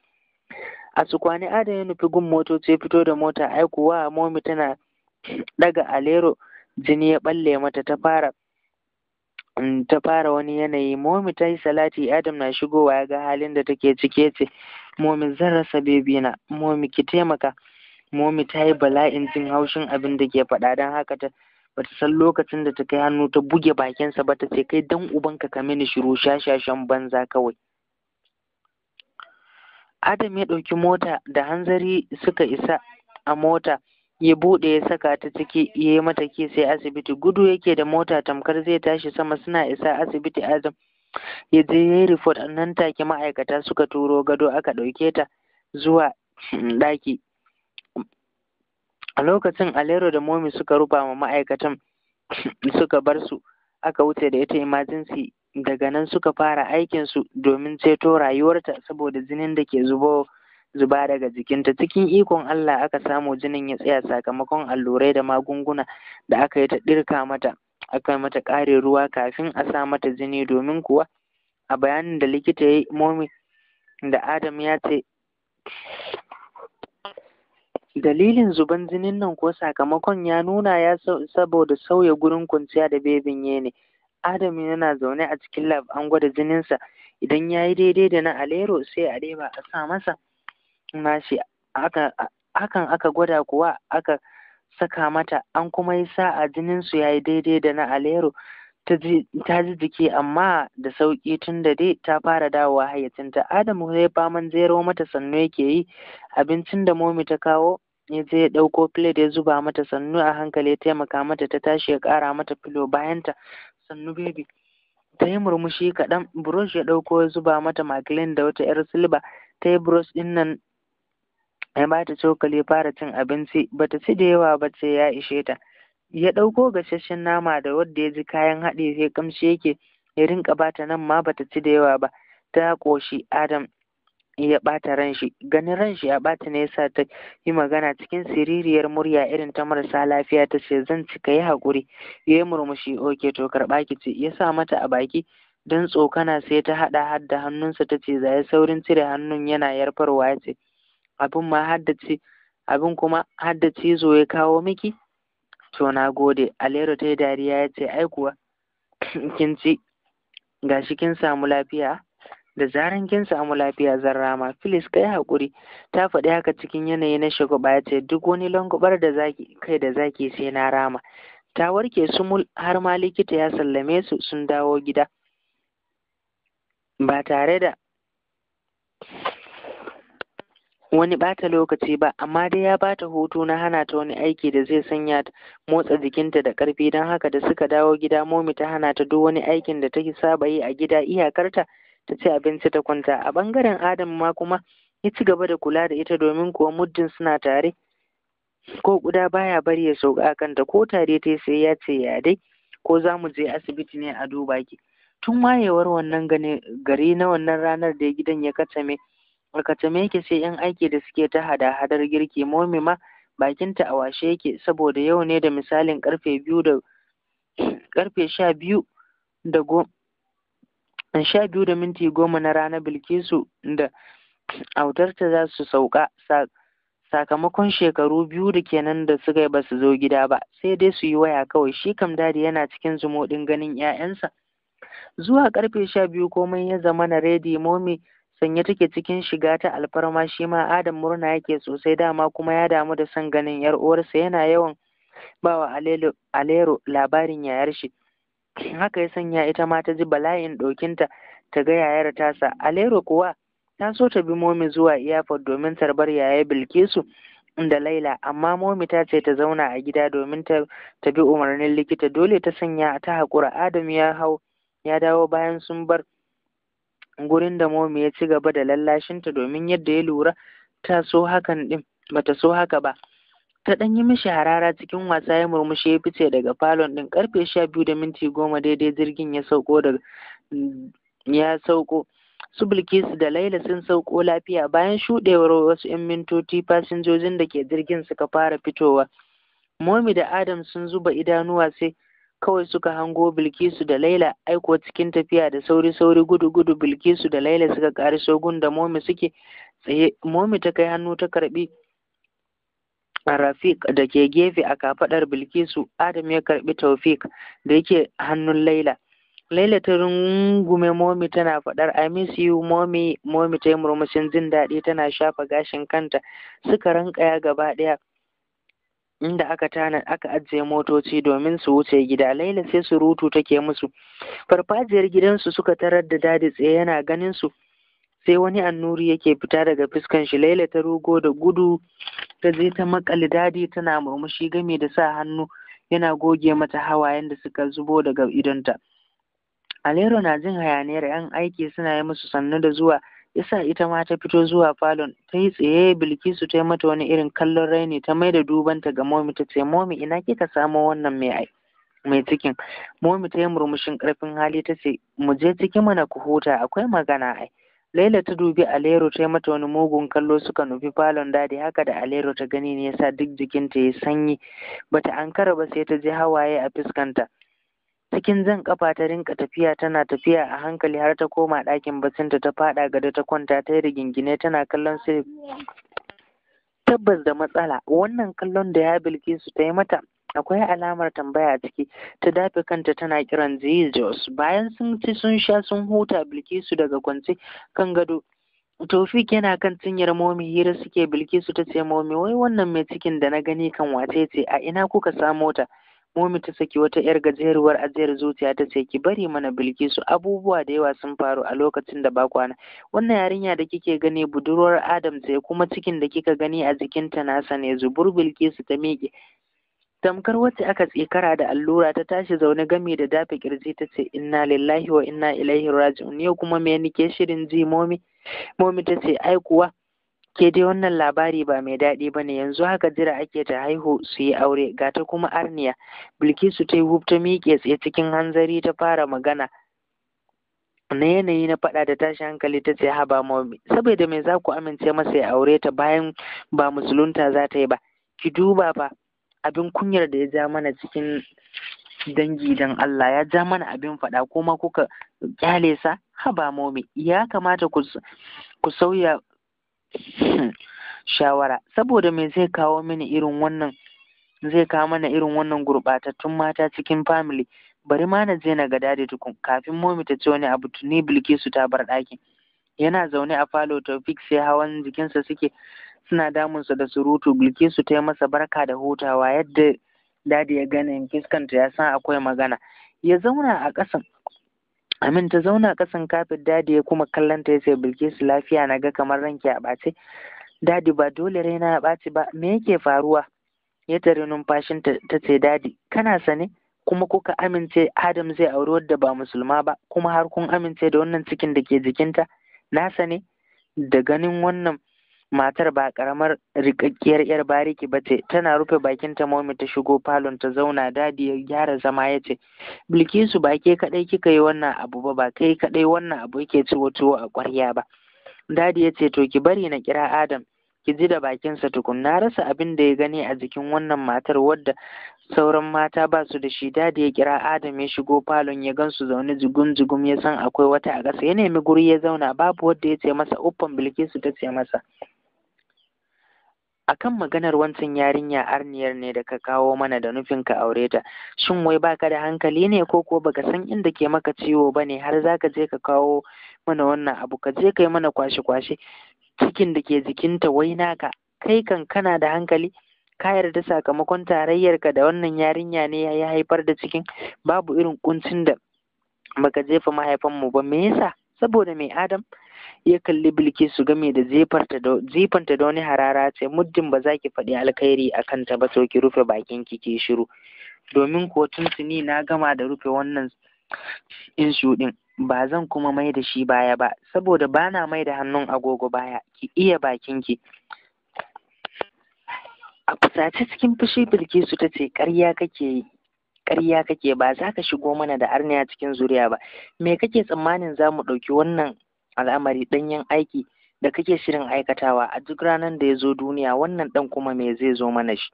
a su kwani ada ya nufi gun motoci fito da mota ai kuwa momi tana daga alero jini ya balle mata ta fara mm, ta fara wani yanayi momi ta yi salati adam na shigowa ya ga halin da take ciki ya ce momi zan rasa bebina momi ki taimaka momi ta yi bala'in jin haushin abin da ke faɗa don haka ta bata san lokacin da ta kai hannu ta buge bakinsa ba ta ce kai dan ubanka ka mini shiru shashashan banza kawai adam ya ɗauki mota da hanzari suka isa a mota ya buɗe ya saka ta ciki ya yi mata ke sai asibiti gudu yake da mota tamkar zai tashi sama suna isa asibiti adam ya je ya yi report nan take ma'aikata suka turo gado aka ɗauke ta zuwa ɗaki a lokacin alero da momi suka rufa ma ma'aikatan suka bar su aka wuce da ita emergency daga nan suka fara aikin su domin ceto rayuwarta saboda jinin da ke zubo zuba daga jikinta cikin ikon Allah aka samu jinin ya tsaya sakamakon allurai da magunguna da aka yi ta ɗirka mata aka mata ƙarin ruwa kafin a sa mata jini domin kuwa a bayanin da likita ya yi momi da Adam ya ce Dalilin zuban jinin nan ko sakamakon ya nuna ya saboda sauya gurin kwanciya da bebin ya ne. Adam yana zaune a cikin lab an gwada jininsa idan ya yi daidai da na alero sai a ɗeba a sa masa nashi hakan aka gwada kuwa aka saka mata an kuma yi sa'a jininsu ya yi daidai da na alero ta ji jiki amma da sauƙi tun da dai ta fara dawowa hayyacinta adamu zai faman zero mata sannu yake yi abincin da momi ta kawo ya je ya ɗauko plate ya zuba mata sannu a hankali ya taimaka mata ta tashi ya ƙara mata filo bayanta sannu baby ta yi murmushi kaɗan brush ya ɗauko ya zuba mata makilin da wata 'yar silba ta yi brush ɗin nan ya ba ta cokali fara cin abinci ba ta ci da yawa ba ce ya ishe ta ya ɗauko gasasshen nama da wadda ya ji kayan haɗi sai kamshi yake ya rinka ba ta nan ma ba ta ci da yawa ba ta ƙoshi adam ya ɓata ran shi ganin ran shi ya ɓata ne yasa ta yi magana cikin siririyar murya irin ta marasa lafiya ta ce zan cika yi haƙuri ya yi murmushi oke to karɓa ki ce ya sa mata a baki don tsokana sai ta haɗa har da hannunsa ta ce zai saurin cire hannun yana yarfarwa ya ce abin ma haddace abin kuma haddace zo ya kawo miki to na gode alero ta yi dariya ya ce ai kuwa kin ci gashi kin samu lafiya da zaran kin samu lafiya zan rama filis kai hakuri ta faɗi haka cikin yanayi na shagwaba ya ce duk wani langubar da zaki kai da zaki sai na rama ta warke sumul har ma likita ya sallame su sun dawo gida ba tare da wani bata lokaci ba amma dai ya bata hutu na hana ta wani aiki da zai sanya motsa jikinta da ƙarfi don haka da suka dawo gida momi ta hana ta duk wani aikin da take saba yi a gida iyakarta ta ci abinci ta kwanta a ɓangaren adam ma kuma ya ci gaba da kula da ita domin kuwa muddin suna tare ko guda baya bari ya sauka a kanta ko tare ta sai ya ce ya dai ko za mu je asibiti ne a duba ki tun wayewar wannan gari na wannan ranar da gidan ya katame alkatame yake sai yan aiki da suke ta hada hadar girki momi ma bakinta a washe yake saboda yau ne da misalin karfe biyu da karfe sha biyu da go sha biyu da minti goma na rana bilkisu da autarta za su sauka sakamakon shekaru biyu da kenan da suka yi ba su zo gida ba sai dai su yi waya kawai shi kam dadi yana cikin din ganin 'ya'yansa zuwa karfe sha biyu komai ya zama na redi momi sanye take cikin shiga ta alfarma shi ma adam murna yake sosai dama kuma ya damu da son ganin yar uwarsa yana yawan bawa alero labarin yayar shi haka ya sanya ita ma ta ji bala'in ɗaukinta ta ga yayar tasa alero kuwa ta so ta bi momi zuwa iyafar domin tarbar yaya bilkisu da laila amma momi ta ce ta zauna a gida domin ta bi umarnin likita dole ta sanya ta haƙura adam ya hau ya dawo bayan sun bar gurin da momi ya ci gaba da lallashinta domin yadda ya lura ta so hakan din bata so haka ba ta ɗan yi mishi harara cikin wasa ya murmushi ya fice daga falon ɗin karfe sha biyu da minti goma daidai jirgin ya sauko da ya sauko su bilkisu da laila sun sauko lafiya bayan shuɗewar wasu 'yan mintoci fasinjojin da ke jirgin suka fara fitowa momi da adam sun zuba idanuwa sai kawai suka hango bilkisu da laila aiko cikin tafiya da sauri sauri gudu gudu bilkisu da laila suka ƙari shogun da momi suke tsaye momi ta kai hannu ta karɓi Rafiq da ke gefe a kafaɗar Bilkisu, Adam ya karɓi Taufik da yake hannun Laila. Laila ta rungume momi tana faɗar I miss you momi momi ta yi murmushin jin daɗi tana shafa gashin kanta suka rankaya gaba ɗaya inda aka tana aka ajiye motoci domin su wuce gida Laila sai surutu take musu farfajiyar gidansu suka tarar da dadi tsaye yana ganin su sai wani annuri yake fita daga fuskan shi laila ta rugo da gudu ta je ta makale dadi tana murmushi game da sa hannu yana goge mata hawayen da suka zubo daga idonta alero na jin hayaniyar yan aiki suna yi musu sannu da zuwa yasa ita ma ta fito zuwa falon ta yi tsaye bilkisu ta yi mata wani irin kallon raini ta mai da ta ga momi ta ce momi ina kika samo wannan mai ai mai cikin momi ta yi murmushin karfin hali ta ce mu je ciki mana ku huta akwai magana ai Laila ta dubi Alero ta yi mata wani mugun kallo suka nufi falon dadi haka da Alero ta gani ne yasa duk jikinta ya sanyi bata ankara ba sai ta ji hawaye a fuskanta. Cikin jan kafa ta rinka tafiya tana tafiya a hankali har ta koma ɗakin bacinta ta faɗa gado ta kwanta ta yi rigingine tana kallon sai tabbas da matsala wannan kallon da ya bilkisu ta yi mata akwai alamar tambaya a ciki ta dafe kanta tana kiran jesus bayan sun ci sun sha sun huta bilkisu daga kwance kan gado Tofik yana kan cinyar momi hira suke bilkisu ta ce momi wai wannan mai cikin da na gani kan wace ce a ina kuka samo ta momi ta saki wata yar gajeruwar ajiyar zuciya ta ce ki bari mana bilkisu abubuwa da yawa sun faru a lokacin da ba kwana wannan yarinya da kike gani budurwar adam ce kuma cikin da kika gani a jikinta nasa ne zubur bilkisu ta miƙe tamkar wacce aka tsikara da allura ta tashi zaune gami da dafa kirji ta ce inna lillahi wa inna ilaihi raji'un yau kuma me nike shirin ji momi momi ta ce ai kuwa ke dai wannan labari ba mai daɗi ba ne yanzu haka jira ake ta haihu su yi aure ga ta kuma arniya bilkisu ta yi ta miƙe tsaye cikin hanzari ta fara magana na yanayi na faɗa da tashi hankali ta ce haba momi saboda me za ku amince masa ya aure ta bayan ba musulunta za ta yi ba ki duba ba. abin kunyar da ya ja mana cikin dangi don Allah ya ja mana abin faɗa kuma kuka kyale sa haba momi ya kamata ku sauya shawara saboda me zai kawo mini irin wannan zai kawo mana irin wannan gurɓatattun mata cikin family bari ma na je na gada da tukun kafin momi ta ce wani abu tuni bilkisu ta bar ɗakin yana zaune a falo taufik sai hawan jikinsa suke suna damunsa da surutu bilkisu ta yi masa barka da hutawa yadda dadi ya gane fiskanta ya san akwai magana ya zauna a ƙasan amin ta zauna a ƙasan kafin dadi ya kuma kallon ta ya ce bilkisu lafiya na ga kamar ranki a ɓace dadi ba dole raina ya ɓace ba me yake faruwa ya tare numfashin ta ce dadi kana sane kuma kuka amince adam zai auri wadda ba musulma ba kuma har kun amince da wannan cikin da ke jikinta na sane da ganin wannan matar ba karamar rikakkiyar yar bariki ba ce tana rufe bakin ta momi ta shigo falon ta zauna dadi ya gyara zama ya ce bilkisu ba ke kadai kika yi wannan abu ba ba kai kadai wannan abu yake ciwo ciwo a kwarya ba dadi ya ce to ki bari na kira adam ki ji da bakinsa tukun na rasa abin da ya gani a jikin wannan matar wadda sauran mata ba su da shi dadi ya kira adam ya shigo falon ya gan su zaune jigun jigum ya san akwai wata a ƙasa ya nemi guri ya zauna babu wadda ya ce masa uffan bilkisu ta ce masa akan maganar wancan yarinya arniyar ne da ka kawo mana da nufin ka aure ta shin wai baka da hankali ne ko ko baka san inda ke maka ciwo bane har zaka je ka kawo mana wannan abu ka je kai mana kwashe kwashe cikin da ke jikinta wai naka kai kan kana da hankali ka yarda sakamakon tarayyarka da wannan yarinya ne ya haifar da cikin babu irin kuncin da baka jefa mu ba me yasa saboda mai adam ya kalli bilkisu game da zifanta da wani harara ce muddin ba za ki faɗi alkhairi a kanta ba to ki rufe bakin ki ki shiru domin kotun tuni, na gama da rufe wannan in shuɗin ba zan kuma mai da shi baya ba saboda ba na mai da hannun agogo baya ki iya bakin ki a fusace cikin fushi bilkisu ta ce ƙarya kake yi ƙarya kake ba za ka shigo mana da arniya cikin zuriya ba me kake tsammanin za mu ɗauki wannan al'amari ɗanyen aiki da kake shirin aikatawa a duk ranar da ya zo duniya wannan ɗan kuma me zai zo mana shi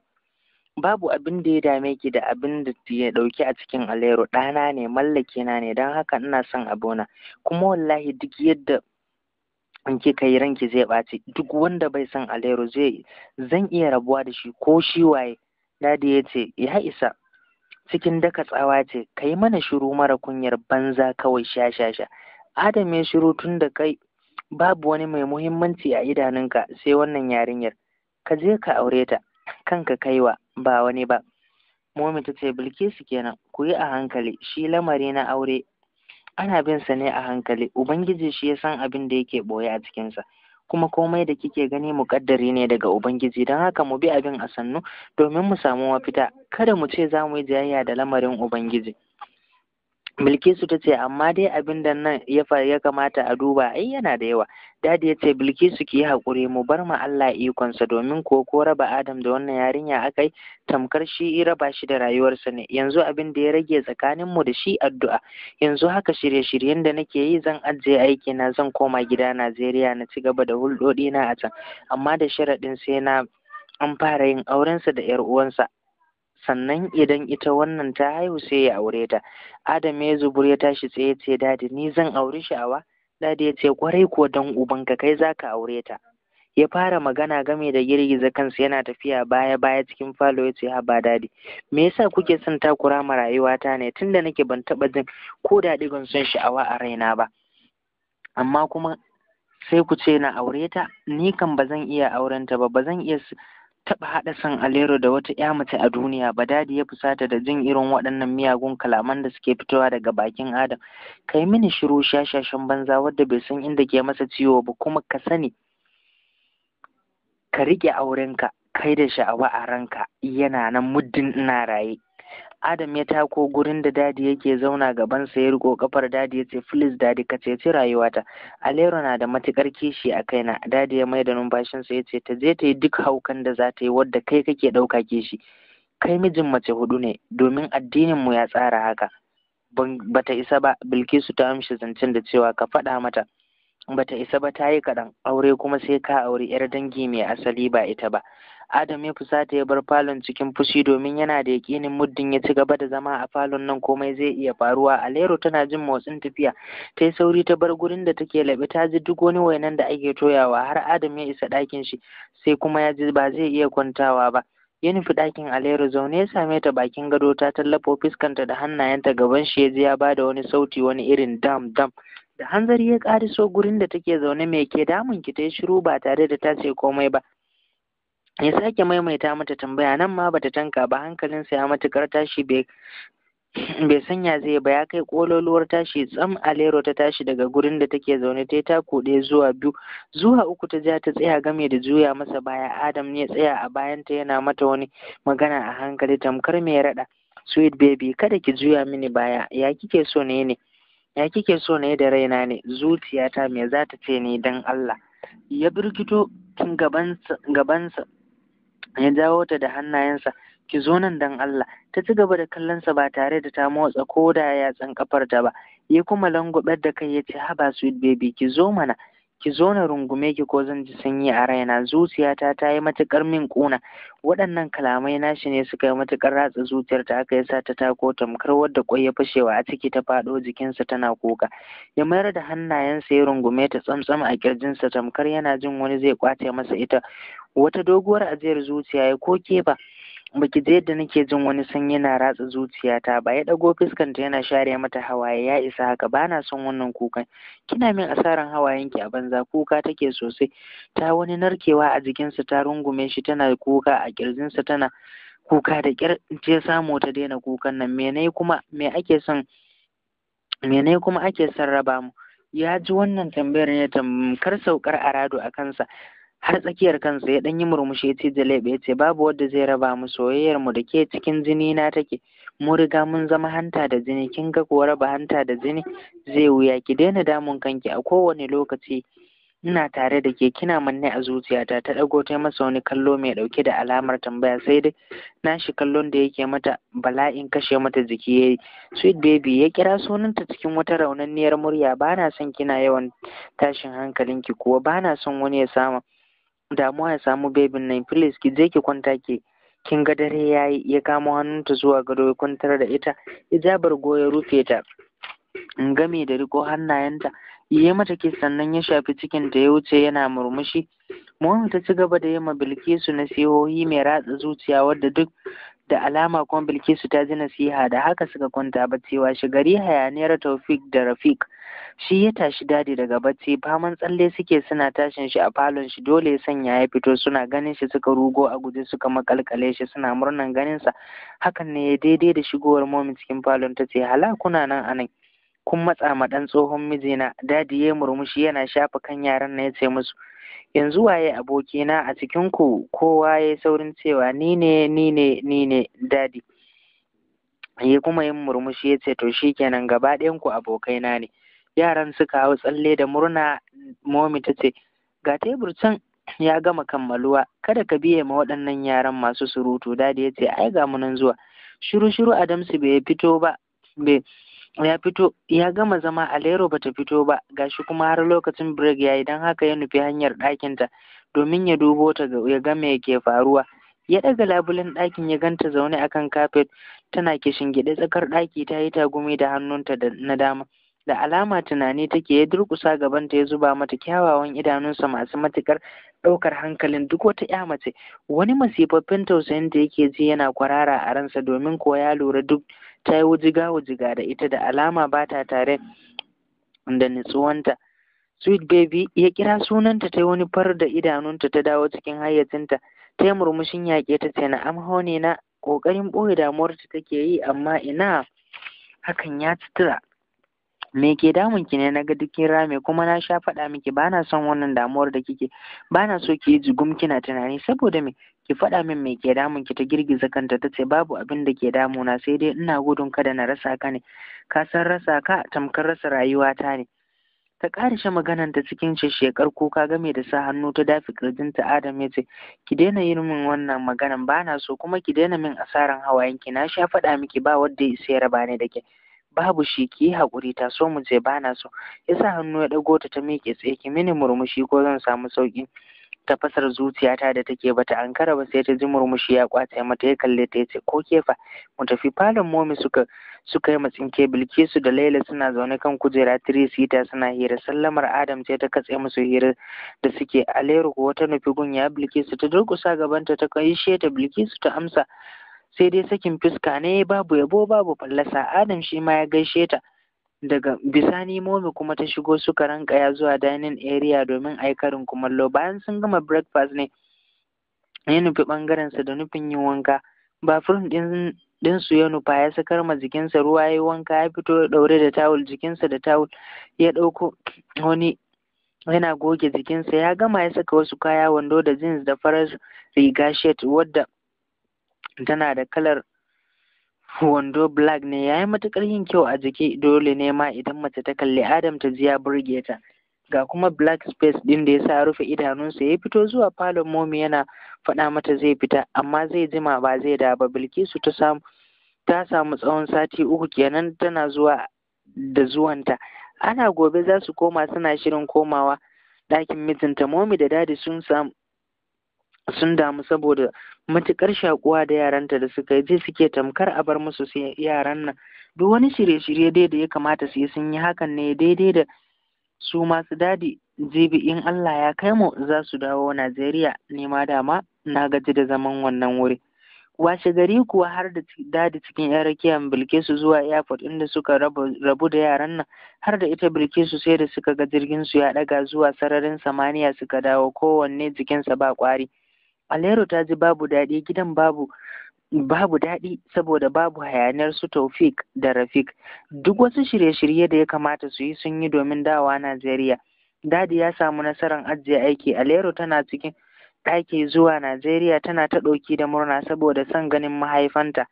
babu abin da ya dame ki da abin da ya ɗauki a cikin alero ɗana ne mallake na ne don haka ina son abona kuma wallahi duk yadda in kika yi ranki zai ɓaci duk wanda bai son alero zai zan iya rabuwa da shi ko shi waye dadi ya ce ya isa cikin daka tsawa ce ka yi mana shiru mara kunyar banza kawai sha sha sha Adam ya shiru tun da kai babu wani mai muhimmanci a idanunka sai wannan yarinyar. Ka je ka aure ta, kanka kaiwa ba wani ba. Momi ta ce Bilkisu kenan, ku yi a hankali, shi lamari na aure ana bin sa ne a hankali, Ubangiji shi ya san abin da yake boye a cikinsa. Kuma komai da kike gani muƙaddari ne daga Ubangiji, don haka mu bi abin a sannu domin mu samu mafita, kada mu ce za mu yi jayayya da lamarin Ubangiji. Bilkisu ta ce, amma dai abin da nan ya ya kamata a duba ai yana da yawa. Dadi ya ce, Bilkisu ki yi haƙuri mu bar ma Allah ikonsa domin ko ko raba Adam da wannan yarinya aka yi tamkar shi raba shi da rayuwarsa ne. Yanzu abin da ya rage tsakaninmu da shi addu'a. Yanzu haka shirye-shiryen da nake yi zan ajiye aiki na zan koma gida Najeriya na ci gaba da hulɗoɗi na a can. Amma da sharaɗin sai na an fara yin aurensa da 'yar uwansa sannan idan ita wannan ta haihu sai ya aure ta adam ya zubur ya tashi tsaye ce dadi ni zan aure shi awa dadi ya ce kwarai ko dan ka kai zaka aure ta ya fara magana game da girgiza kansa yana tafiya baya baya cikin falo ya ce haba dadi me yasa kuke son takura ma rayuwata ne tunda nake ban taba jin ko dadi ban son sha'awa a raina ba amma kuma sai ku ce na aure ta ni kan ba zan iya auren ta ba ba zan iya taɓa haɗa san alero da wata ƴa mace a duniya ba dadi ya fusata da jin irin waɗannan miyagun kalaman da suke fitowa daga bakin adam kai mini shiru shashashen banza wadda bai san inda ke masa ciwo ba kuma ka sani ka riƙe aurenka kai da sha'awa a ranka yana nan muddin ina raye Adam ya tako gurin da dadi yake zauna gaban sa ya riko kafar dadi ya ce Filis dadi ka ceci rayuwata. Alero na da matukar kishi a kaina. Dadi ya maida numfashinsa ya ce ta je ta yi duk haukan da za ta yi wadda kai kake ɗauka kishi. Kai mijin mace hudu ne domin addinin mu ya tsara haka. Bata isa ba Bilkisu ta amshi zancen da cewa ka faɗa mata. bata isa ba ta yi kaɗan aure kuma sai ka auri yar dangi mai asali ba ita ba adam ya fusata ya bar falon cikin fushi domin yana da yakinin muddin ya ci gaba da zama a falon nan komai zai iya faruwa alero tana jin motsin tafiya ta yi sauri ta bar gurin da take laɓe ta ji duk wani wainan da ake toyawa har adam ya isa ɗakin shi sai kuma ya ji ba zai iya kwantawa ba ya nufi ɗakin alero zaune ya same ta bakin gado ta tallafo fuskanta da hannayenta gaban shi ya ji ya bada wani sauti wani irin dam dam da hanzari ya so gurin da take zaune mai ke damun ki ta yi shiru ba tare da ta ce komai ba ya sake maimaita mata tambaya nan ma bata tanka ba hankalinsa ya matukar tashi bai sanya zai ba ya kai kololuwar tashi tsam alero ta tashi daga gurin da take zaune ta yi ta kuɗe zuwa biyu zuwa uku ta ja ta tsaya game da juya masa baya adam ne tsaya a bayan ta yana mata wani magana a hankali tamkar mai raɗa sweet baby kada ki juya mini baya ya kike so ne ne ya kike so ne da raina ne zuciyata me za ta ce ne don Allah ya birkito gabansa ya jawo ta da hannayensa ki zo nan don Allah ta ci gaba da kallonsa ba tare da ta motsa ko da yatsan ta ba ya kuma langwabar da kai ya ce haba sweet baby ki zo mana ki zo na rungume ki ko zan ji sanyi a raina zuciyata ta yi matuƙar min ƙuna waɗannan kalamai nashi ne suka yi matuƙar ratsa zuciyar ta aka yasa ta ko. tamkar wadda ƙwai ya fashewa a ciki ta faɗo jikinsa tana kuka ya mayar da hannayensa ya rungume ta tsamtsam a ƙirjinsa tamkar yana jin wani zai ƙwace masa ita wata doguwar ajiyar zuciya ya koke ba baki da yadda nake jin wani sanyi na ratsa zuciyata ba ya ɗago ta yana share mata hawaye ya isa haka bana son wannan kukan kina min asaran hawayenki a banza kuka take sosai ta wani narkewa a jikinsa ta rungume shi tana kuka a ƙirjinsa tana kuka da kyar je samu ta daina kukan nan me kuma me ake son me kuma ake sarraba mu ya ji wannan tambayar ne tamkar saukar arado a kansa har tsakiyar kansa ya ɗan yi murmushi ya ce jalebe ya ce babu wanda zai raba mu soyayyar mu da ke cikin jini na take mu riga mun zama hanta da jini kin ga kuwa raba hanta da jini zai wuya ki daina damun kanki a kowane lokaci ina tare da ke kina manne a zuciyata ta dago ta masa wani kallo mai ɗauke da alamar tambaya sai dai na shi kallon da yake mata bala'in kashe mata jiki yayi sweet baby ya kira sunanta cikin wata raunanniyar murya bana son kina yawan tashin hankalinki kuwa bana son wani ya samu damuwa ya samu bebin nan Filis, ki je ki kwanta ki kin ga dare yayi ya kamo hannunta zuwa gado ya kwantar da ita ijabar goya rufe ta game da riko hannayenta yi mata ke sannan ya shafi cikin ta ya wuce yana murmushi Muhammad ta ci gaba da ma Bilkisu nasihohi mai ratsa zuciya wadda duk da alama kuma Bilkisu ta ji nasiha da haka suka kwanta ba cewa shigari hayaniyar Taufik da Rafiq. shi ya tashi dadi daga bacci faman tsalle suke suna tashin shi a falon shi dole sanya ya fito suna ganin shi suka rugo a guje suka makalkale shi suna murnan ganin sa hakan ne ya daidai da shigowar momi cikin falon ta ce hala kuna nan anan kun matsa ma dan tsohon mijina dadi ya murmushi yana shafa kan yaran na ya ce musu yanzu waye abokina a cikin ku kowa ya saurin cewa ni ne ni ne ni ne dadi ya kuma yin murmushi ya ce to shikenan gaba ɗayan ku abokaina ne yaran suka hau tsalle da murna momi ta ce ga tebur can ya gama kammaluwa kada ka biye ma waɗannan yaran masu surutu dadi ya ce ai ga mu nan zuwa shiru shiru adamsu bai fito ba bai ya fito ya gama zama alero bata fito ba gashi kuma har lokacin break yayi dan haka ya nufi hanyar ɗakinta domin ya dubo ta ya ga me ke faruwa ya ɗaga labulen ɗakin ya ganta zaune akan kafet tana kishin tsakar ɗaki ta yi tagumi da hannunta na dama da alama tunani take ya durƙusa gabanta ya zuba mata kyawawan idanunsa masu matukar ɗaukar hankalin duk wata ya mace wani masifaffin tausayin da yake ji yana kwarara a ransa domin koya ya lura duk ta yi wujiga wujiga da ita da alama ba ta tare da nutsuwanta sweet baby ya kira sunanta ta yi wani far da idanunta ta dawo cikin hayyacinta ta yi murmushin yaƙe ta ce na'am ne na ƙoƙarin ɓoye damuwarta take yi amma ina hakan ya tutura me ke damun ki ne na ga dukkin rame kuma na sha faɗa miki bana son wannan damuwar da kike bana so ki yi jigum kina tunani saboda me ki faɗa min me ke damun ki ta girgiza kanta ta ce babu abin da ke damuna sai dai ina gudun kada na rasa ka ne ka san rasa ka tamkar rasa rayuwata ne ta ƙarishe ta cikin shekar kuka game da sa hannu ta dafi ƙirjinta adam ya ce ki daina yin min wannan maganan ba na so kuma ki daina min asaran hawayenki na sha faɗa miki ba wadda ya isa ya da ke babu shi ki yi haƙuri taso mu je ba na so ya sa hannu ya ɗago ta ta miƙe tsaye ki mini murmushi ko zan samu sauƙi tafasar zuciyata da take bata ankara ba sai ta ji murmushi ya kwace mata ya kalle ta yace ko kefa mu tafi falon momi suka suka yi matsinke bilkisu da laila suna zaune kan kujera tiri sita suna hira sallamar adam ce ta katse musu hira da suke aleru ko wata nufi gun ya bilkisu ta durƙusa gabanta ta kai she ta bilkisu ta amsa sai dai sakin fuska ne babu yabo babu fallasa adam shi ma ya gaishe ta daga bisani momi kuma ta shigo suka rankaya zuwa dining area domin a yi karin kumallo bayan sun gama breakfast ne ya nufi ɓangarensa da nufin yin wanka ba bafur din su ya nufa ya sakar ma jikinsa ruwa ya wanka ya fito daure da tawul jikinsa da tawul ya dauko wani yana goge jikinsa ya gama ya saka wasu kaya wando da jeans da farar riga shirt wadda tana da kalar wando black ne yayi matukar yin kyau a jiki dole ne ma idan mace ta kalli Adam ta ji ya burge ta ga kuma black space din da yasa rufe idanunsa ya fito zuwa falon momi yana faɗa mata zai fita amma zai jima ba zai da ba Bilkisu ta samu ta samu tsawon sati uku kenan tana zuwa da zuwanta ana gobe za su koma suna shirin komawa ɗakin mijinta momi da dadi sun samu sun damu saboda matuƙar shaƙuwa da yaranta da suka yi suke tamkar a bar musu yaran nan duk wani shirye-shirye dai da ya kamata su yi sun yi hakan ne daidai da su masu dadi jibi in Allah ya kai mu za su dawo Najeriya nema dama na gaji da zaman wannan wuri washe gari kuwa har da dadi cikin yan rakiyan Bilkisu zuwa airport inda suka rabu da yaran nan har da ita Bilkisu sai da suka ga jirgin su ya daga zuwa sararin samaniya suka dawo kowanne jikinsa ba kwari Alero ta ji babu daɗi gidan babu babu daɗi saboda babu hayaniyar su Taufik da Rafik. Duk wasu shirye-shirye da ya kamata su yi sun yi domin dawa Najeriya. Dadi ya samu nasarar ajiye aiki. Alero tana cikin ɗaki zuwa Najeriya tana ta ɗauki da murna saboda son ganin mahaifanta.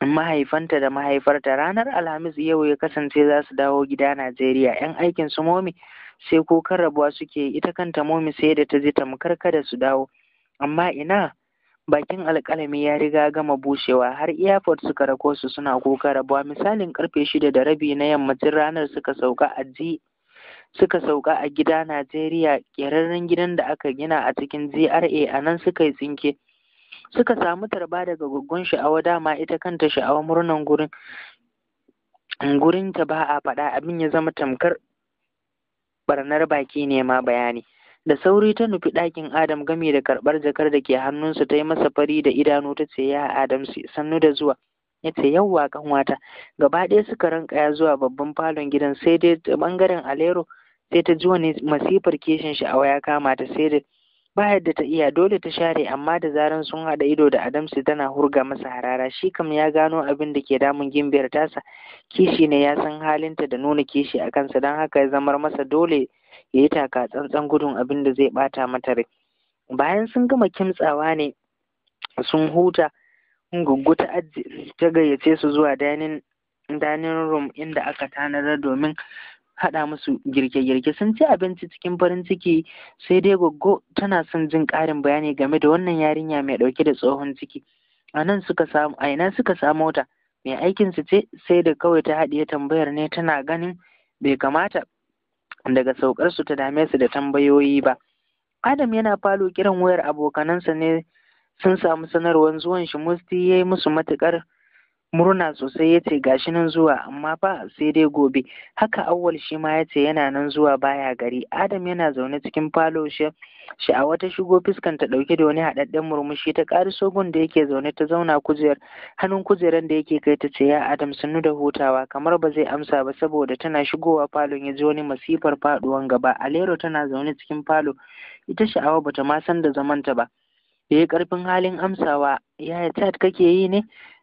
Mahaifanta da mahaifarta ranar Alhamis yau ya kasance za su dawo gida Najeriya. 'Yan aikin su momi sai ko rabuwa suke ita kanta momi sai da ta ji tamkar kada su dawo. amma ina bakin alƙalami ya riga gama bushewa har airport suka rako su suna kuka rabuwa misalin karfe shida da rabi na yammacin ranar suka sauka a ji suka sauka a gida Najeriya ƙerarren gidan da aka gina a cikin GRA a nan suka yi tsinke suka samu tarba daga guggun sha'awa dama ita kanta sha'awa murnan gurin gurin ta ba a faɗa abin ya zama tamkar barnar baki ne ma bayani da sauri ta nufi ɗakin adam gami da karɓar jakar da ke hannunsa ta yi masa fari da idanu ta ce ya adam sannu da zuwa ya ce yawwa kanwata gaba ɗaya suka ya zuwa babban falon gidan sai dai ɓangaren alero sai ta ji wani masifar keshin sha'awa ya kama ta sai dai ba yadda ta iya dole ta share amma da zaran sun haɗa ido da adamsu tana hurga masa harara shi kam ya gano abin da ke damun gimbiyar tasa kishi ne ya san halinta da nuna kishi a kansa don haka ya zamar masa dole ya yi taka tsantsan gudun abin da zai bata mata rai bayan sun gama kimtsawa ne sun huta gungu ta ta gayyace su zuwa dining dining room inda aka tanadar domin haɗa musu girke-girke sun ci abinci cikin farin ciki sai dai goggo tana son jin ƙarin bayani game da wannan yarinya mai ɗauke da tsohon ciki a nan suka samu a ina suka samo ta mai aikin su ce sai da kawai ta haɗiye tambayar ne tana ganin bai kamata daga saukarsu ta dame su da tambayoyi ba adam yana falo kiran wayar abokanansa ne sun samu sanarwar zuwan shi musti ya yi musu matukar. murna sosai ya ce gashi nan zuwa amma fa sai dai gobe haka awwal shi ma ya ce yana nan zuwa baya gari adam yana zaune cikin falo sha'awa ta shigo fuskan ta dauke da wani haɗaɗɗen murmushi ta ƙari sogon da yake zaune ta zauna kujer hannun kujeran da yake kai ta ce ya adam sunu da hutawa kamar ba zai amsa ba saboda tana shigowa falon ya ji wani masifar faɗuwan gaba alero tana zaune cikin falo ita sha'awa bata ma san da zamanta ba da karfin halin amsawa yaya chat kake yi ne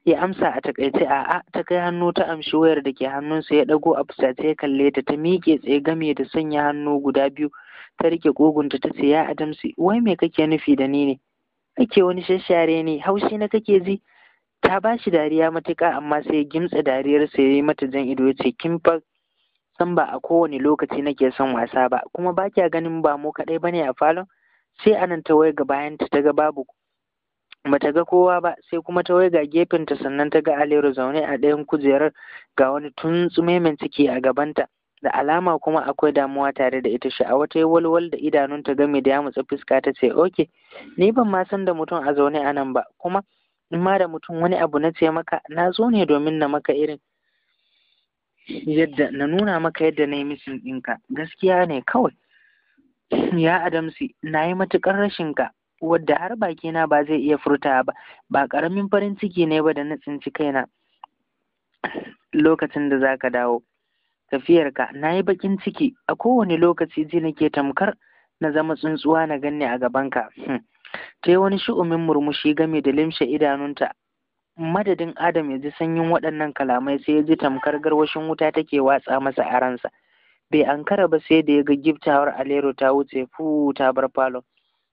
ya amsa a takaice a'a ta kai hannu ta amshi wayar da ke hannunsa ya ɗago a fusace ya kalle ta ta miƙe tsaye game da sanya hannu guda biyu ta rike kogunta ta ce ya adamsi wai me kake nufi da ni ne ake wani shashare ne haushi na kake ji ta ba shi dariya matuƙa amma sai gimtsa dariyar sa yayi mata jan ido ya ce kin fa san ba a kowane lokaci nake son wasa ba kuma ba kya ganin ba mu kaɗai bane a falon sai anan ta waya ga bayanta ta ga babu Ba ta ga kowa ba sai kuma ta waiga gefenta sannan ta ga Aliru zaune a ɗayan kujerar ga wani tuntsumemen ciki a gabanta da alama kuma akwai damuwa tare da ita sha'awa ta yi walwal da idanunta game da ya mutsa fuska ta ce oke ni ban ma san da mutum a zaune a nan ba kuma in ma da mutum wani abu na ce maka na zo ne domin na maka irin yadda na nuna maka yadda na yi misin ɗinka gaskiya ne kawai ya adamsi na yi matuƙar rashinka wadda har bakina ba zai iya furta ba ba ƙaramin farin ciki ne ba da na tsinci kaina lokacin da za ka dawo tafiyarka na yi baƙin ciki a kowane lokaci ji nake tamkar na zama tsuntsuwa na ganni a gabanka hmm. ta yi wani shu'umin murmushi game da limshe idanunta madadin adam ya ji sanyin waɗannan kalamai sai ya ji tamkar garwashin wuta take watsa masa a ransa bai ankara ba sai da ya ga giftawar alero ta wuce fu ta bar falon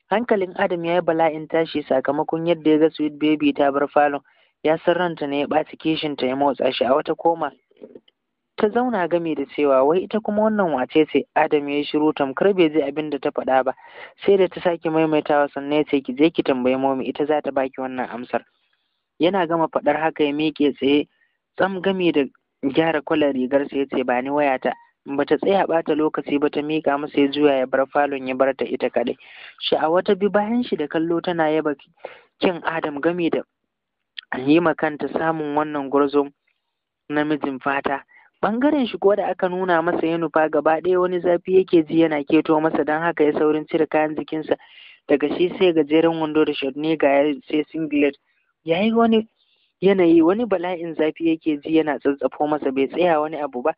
hankalin adam ya yi bala'in tashi sakamakon yadda ya ga sweet baby ta bar falon ya san ranta ne ya ɓaci ta ya motsa shi a wata koma ta zauna gami da cewa wai ita kuma wannan wace ce adam ya yi shiru tamkar bai ji abin da ta faɗa ba sai da ta sake maimaitawa sannan ya ce ki je ki tambayi momi ita za ta baki wannan amsar yana gama faɗar haka ya miƙe tsaye tsam gami da gyara kwalar rigarsa ya ce ba ni wayata bata tsaya bata lokaci ba ta miƙa masa ya juya ya bar falon ya bar ta ita kaɗai a ta bi bayan shi da kallo tana yaba kin adam game da yi kanta samun wannan gwarzo namijin fata bangaren shi ko da aka nuna masa ya nufa gaba ɗaya wani zafi yake ji yana keto masa don haka ya saurin cire kayan jikinsa daga shi sai gajeren wando da shirt ne ga sai singlet ya yi wani yanayi wani bala'in zafi yake ji yana tsatsafo masa bai tsaya wani abu ba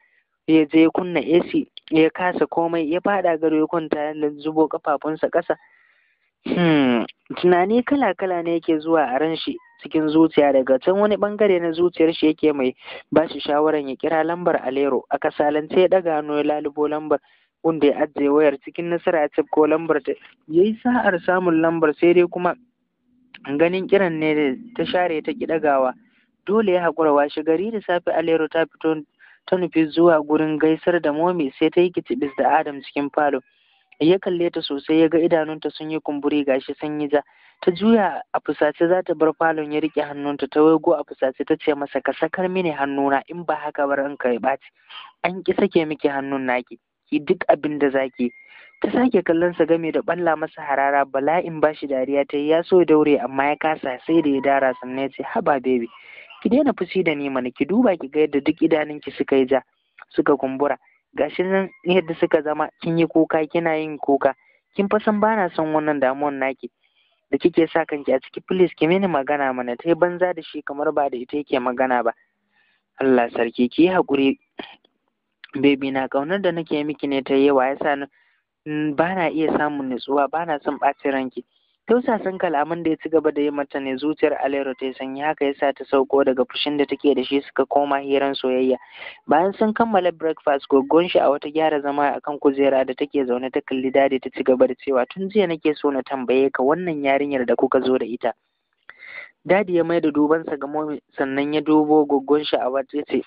ya je ya kunna AC ya kasa komai ya faɗa gado ya kwanta yana zubo kafafunsa ƙasa hmm, tunani kala kala ne yake zuwa a ran shi cikin zuciya daga can wani bangare na zuciyar shi yake mai ba shi shawaran ya kira lambar alero a kasalance ya ɗaga hannu ya lalubo lambar wanda ya ajiye wayar cikin nasara a cafko lambar ta Ya yi sa'ar samun lambar sai dai kuma ganin kiran ne ta share ta ki ɗagawa dole ya haƙura washe gari da safe alero ta fito ta nufi zuwa gurin gaisar da momi sai ta yi kitibis da adam cikin falo ya kalle ta sosai ya ga idanunta sun yi kumburi gashi sun yi ja ta juya a fusace za ta bar falon ya rike hannunta ta waigo a fusace ta ce masa ka sakar mini hannuna in ba haka bar in ka ɓaci an ki sake miki hannun naki ki duk abin da zaki ta sake kallon sa game da balla masa harara bala'in bashi dariya ta yi ya so daure amma ya kasa sai da ya dara sannan ya ce haba baby ki daina fushi da ni mana ki duba ki ga yadda duk idanunki suka yi ja suka kumbura gashi nan yadda suka zama kin yi kuka kina yin kuka kin fa san bana son wannan damuwar naki da kike sa kanki a ciki please ki mini magana mana tai banza da shi kamar ba da ita yake magana ba Allah sarki ki yi hakuri! baby na kaunar da nake miki ne ta yawa yasa ni bana iya samun nutsuwa bana son ɓacin ranki Tausasan kalaman da ya ci gaba da yi mata ne zuciyar Alero ta sanyi haka ya sa ta sauko daga fushin da take da shi suka koma hiran soyayya. Bayan sun kammala breakfast goggon shi a wata gyara zama a kan kujera da take zaune ta kalli dadi ta ci gaba da cewa tun jiya nake so na tambaye ka wannan yarinyar da kuka zo da ita. Dadi ya mai da dubansa ga momi sannan ya dubo goggon shi a wata ce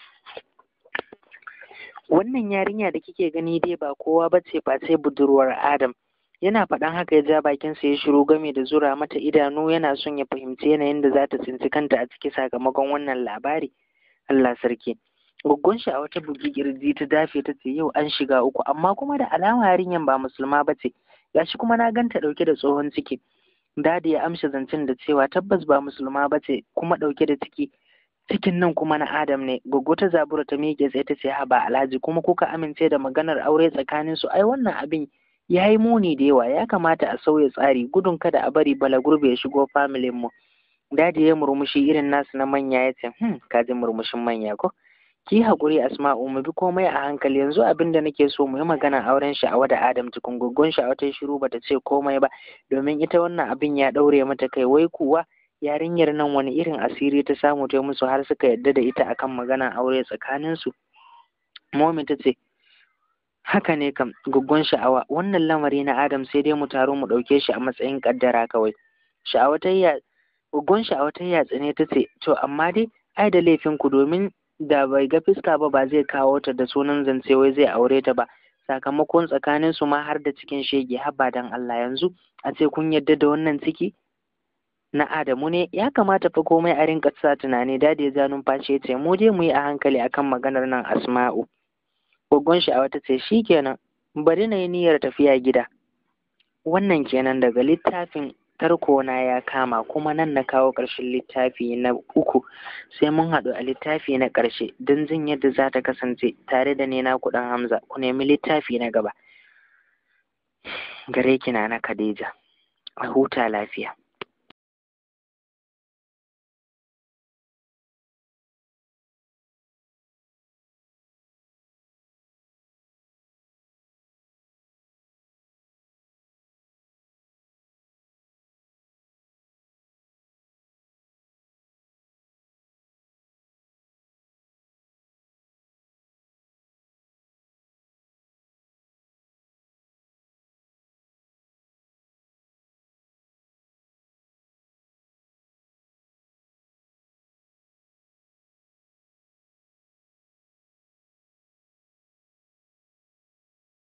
wannan yarinya da kike gani dai ba kowa bace face budurwar Adam. yana faɗan haka ya ja bakin sa ya shiru game da zura mata idanu yana son ya fahimci yanayin da za ta tsinci kanta a ciki sakamakon wannan labari allah sarki Goggon shi a wata bugi kirji ta dafe ta ce yau an shiga uku amma kuma da alama yarinyar ba musulma ba ce gashi kuma na ganta dauke da tsohon ciki dadi ya amsa zancen da cewa tabbas ba musulma ba ce kuma ɗauke da ciki cikin nan kuma na adam ne goggo ta zabura ta miƙe tsaye ta ce ha ba alhaji kuma kuka amince da maganar aure tsakanin su ai wannan abin ya yi muni da yawa ya kamata a sauya tsari gudun kada a bari Bala balagurbe ya shigo familin mu dadi ya murmushi irin nasu na manya ya ce hmm ka ji murmushin manya ko ki haƙuri asma'u mu bi komai a hankali yanzu abin da nake so mu yi magana auren sha'awa da adam tukun goggon sha'awa ta shiru ba ta ce komai ba domin ita wannan abin ya ɗaure mata kai wai kuwa yarinyar nan wani irin asiri ta samu ta musu har suka yadda da ita akan magana aure tsakaninsu momi ta ce haka ne kam guggun sha'awa wannan lamari na adam sai dai mu taro mu ɗauke shi a matsayin ƙaddara kawai sha'awatayya guggun sha'awatayya tsine ta ce to amma dai ai da laifin ku domin da bai ga fuska ba ba zai kawo ta da sunan zance wai zai aure ta ba sakamakon tsakanin su ma har da cikin shege har ba dan Allah yanzu a ce kun yadda da wannan ciki na Adamu ne ya kamata fa komai a rinka sa tunani dadi ya ja numfashi ya ce mu je mu yi a hankali akan maganar nan Asma'u Gwaggon a wata ce shi kenan bari na yi niyyar tafiya gida. Wannan kenan daga littafin tarko na ya kama kuma nan na kawo ƙarshen littafi na uku sai mun haɗu a littafi na ƙarshe don jin yadda za ta kasance tare da ni kuɗin Hamza ku nemi littafi na gaba. Gare kina na Khadija. A huta lafiya.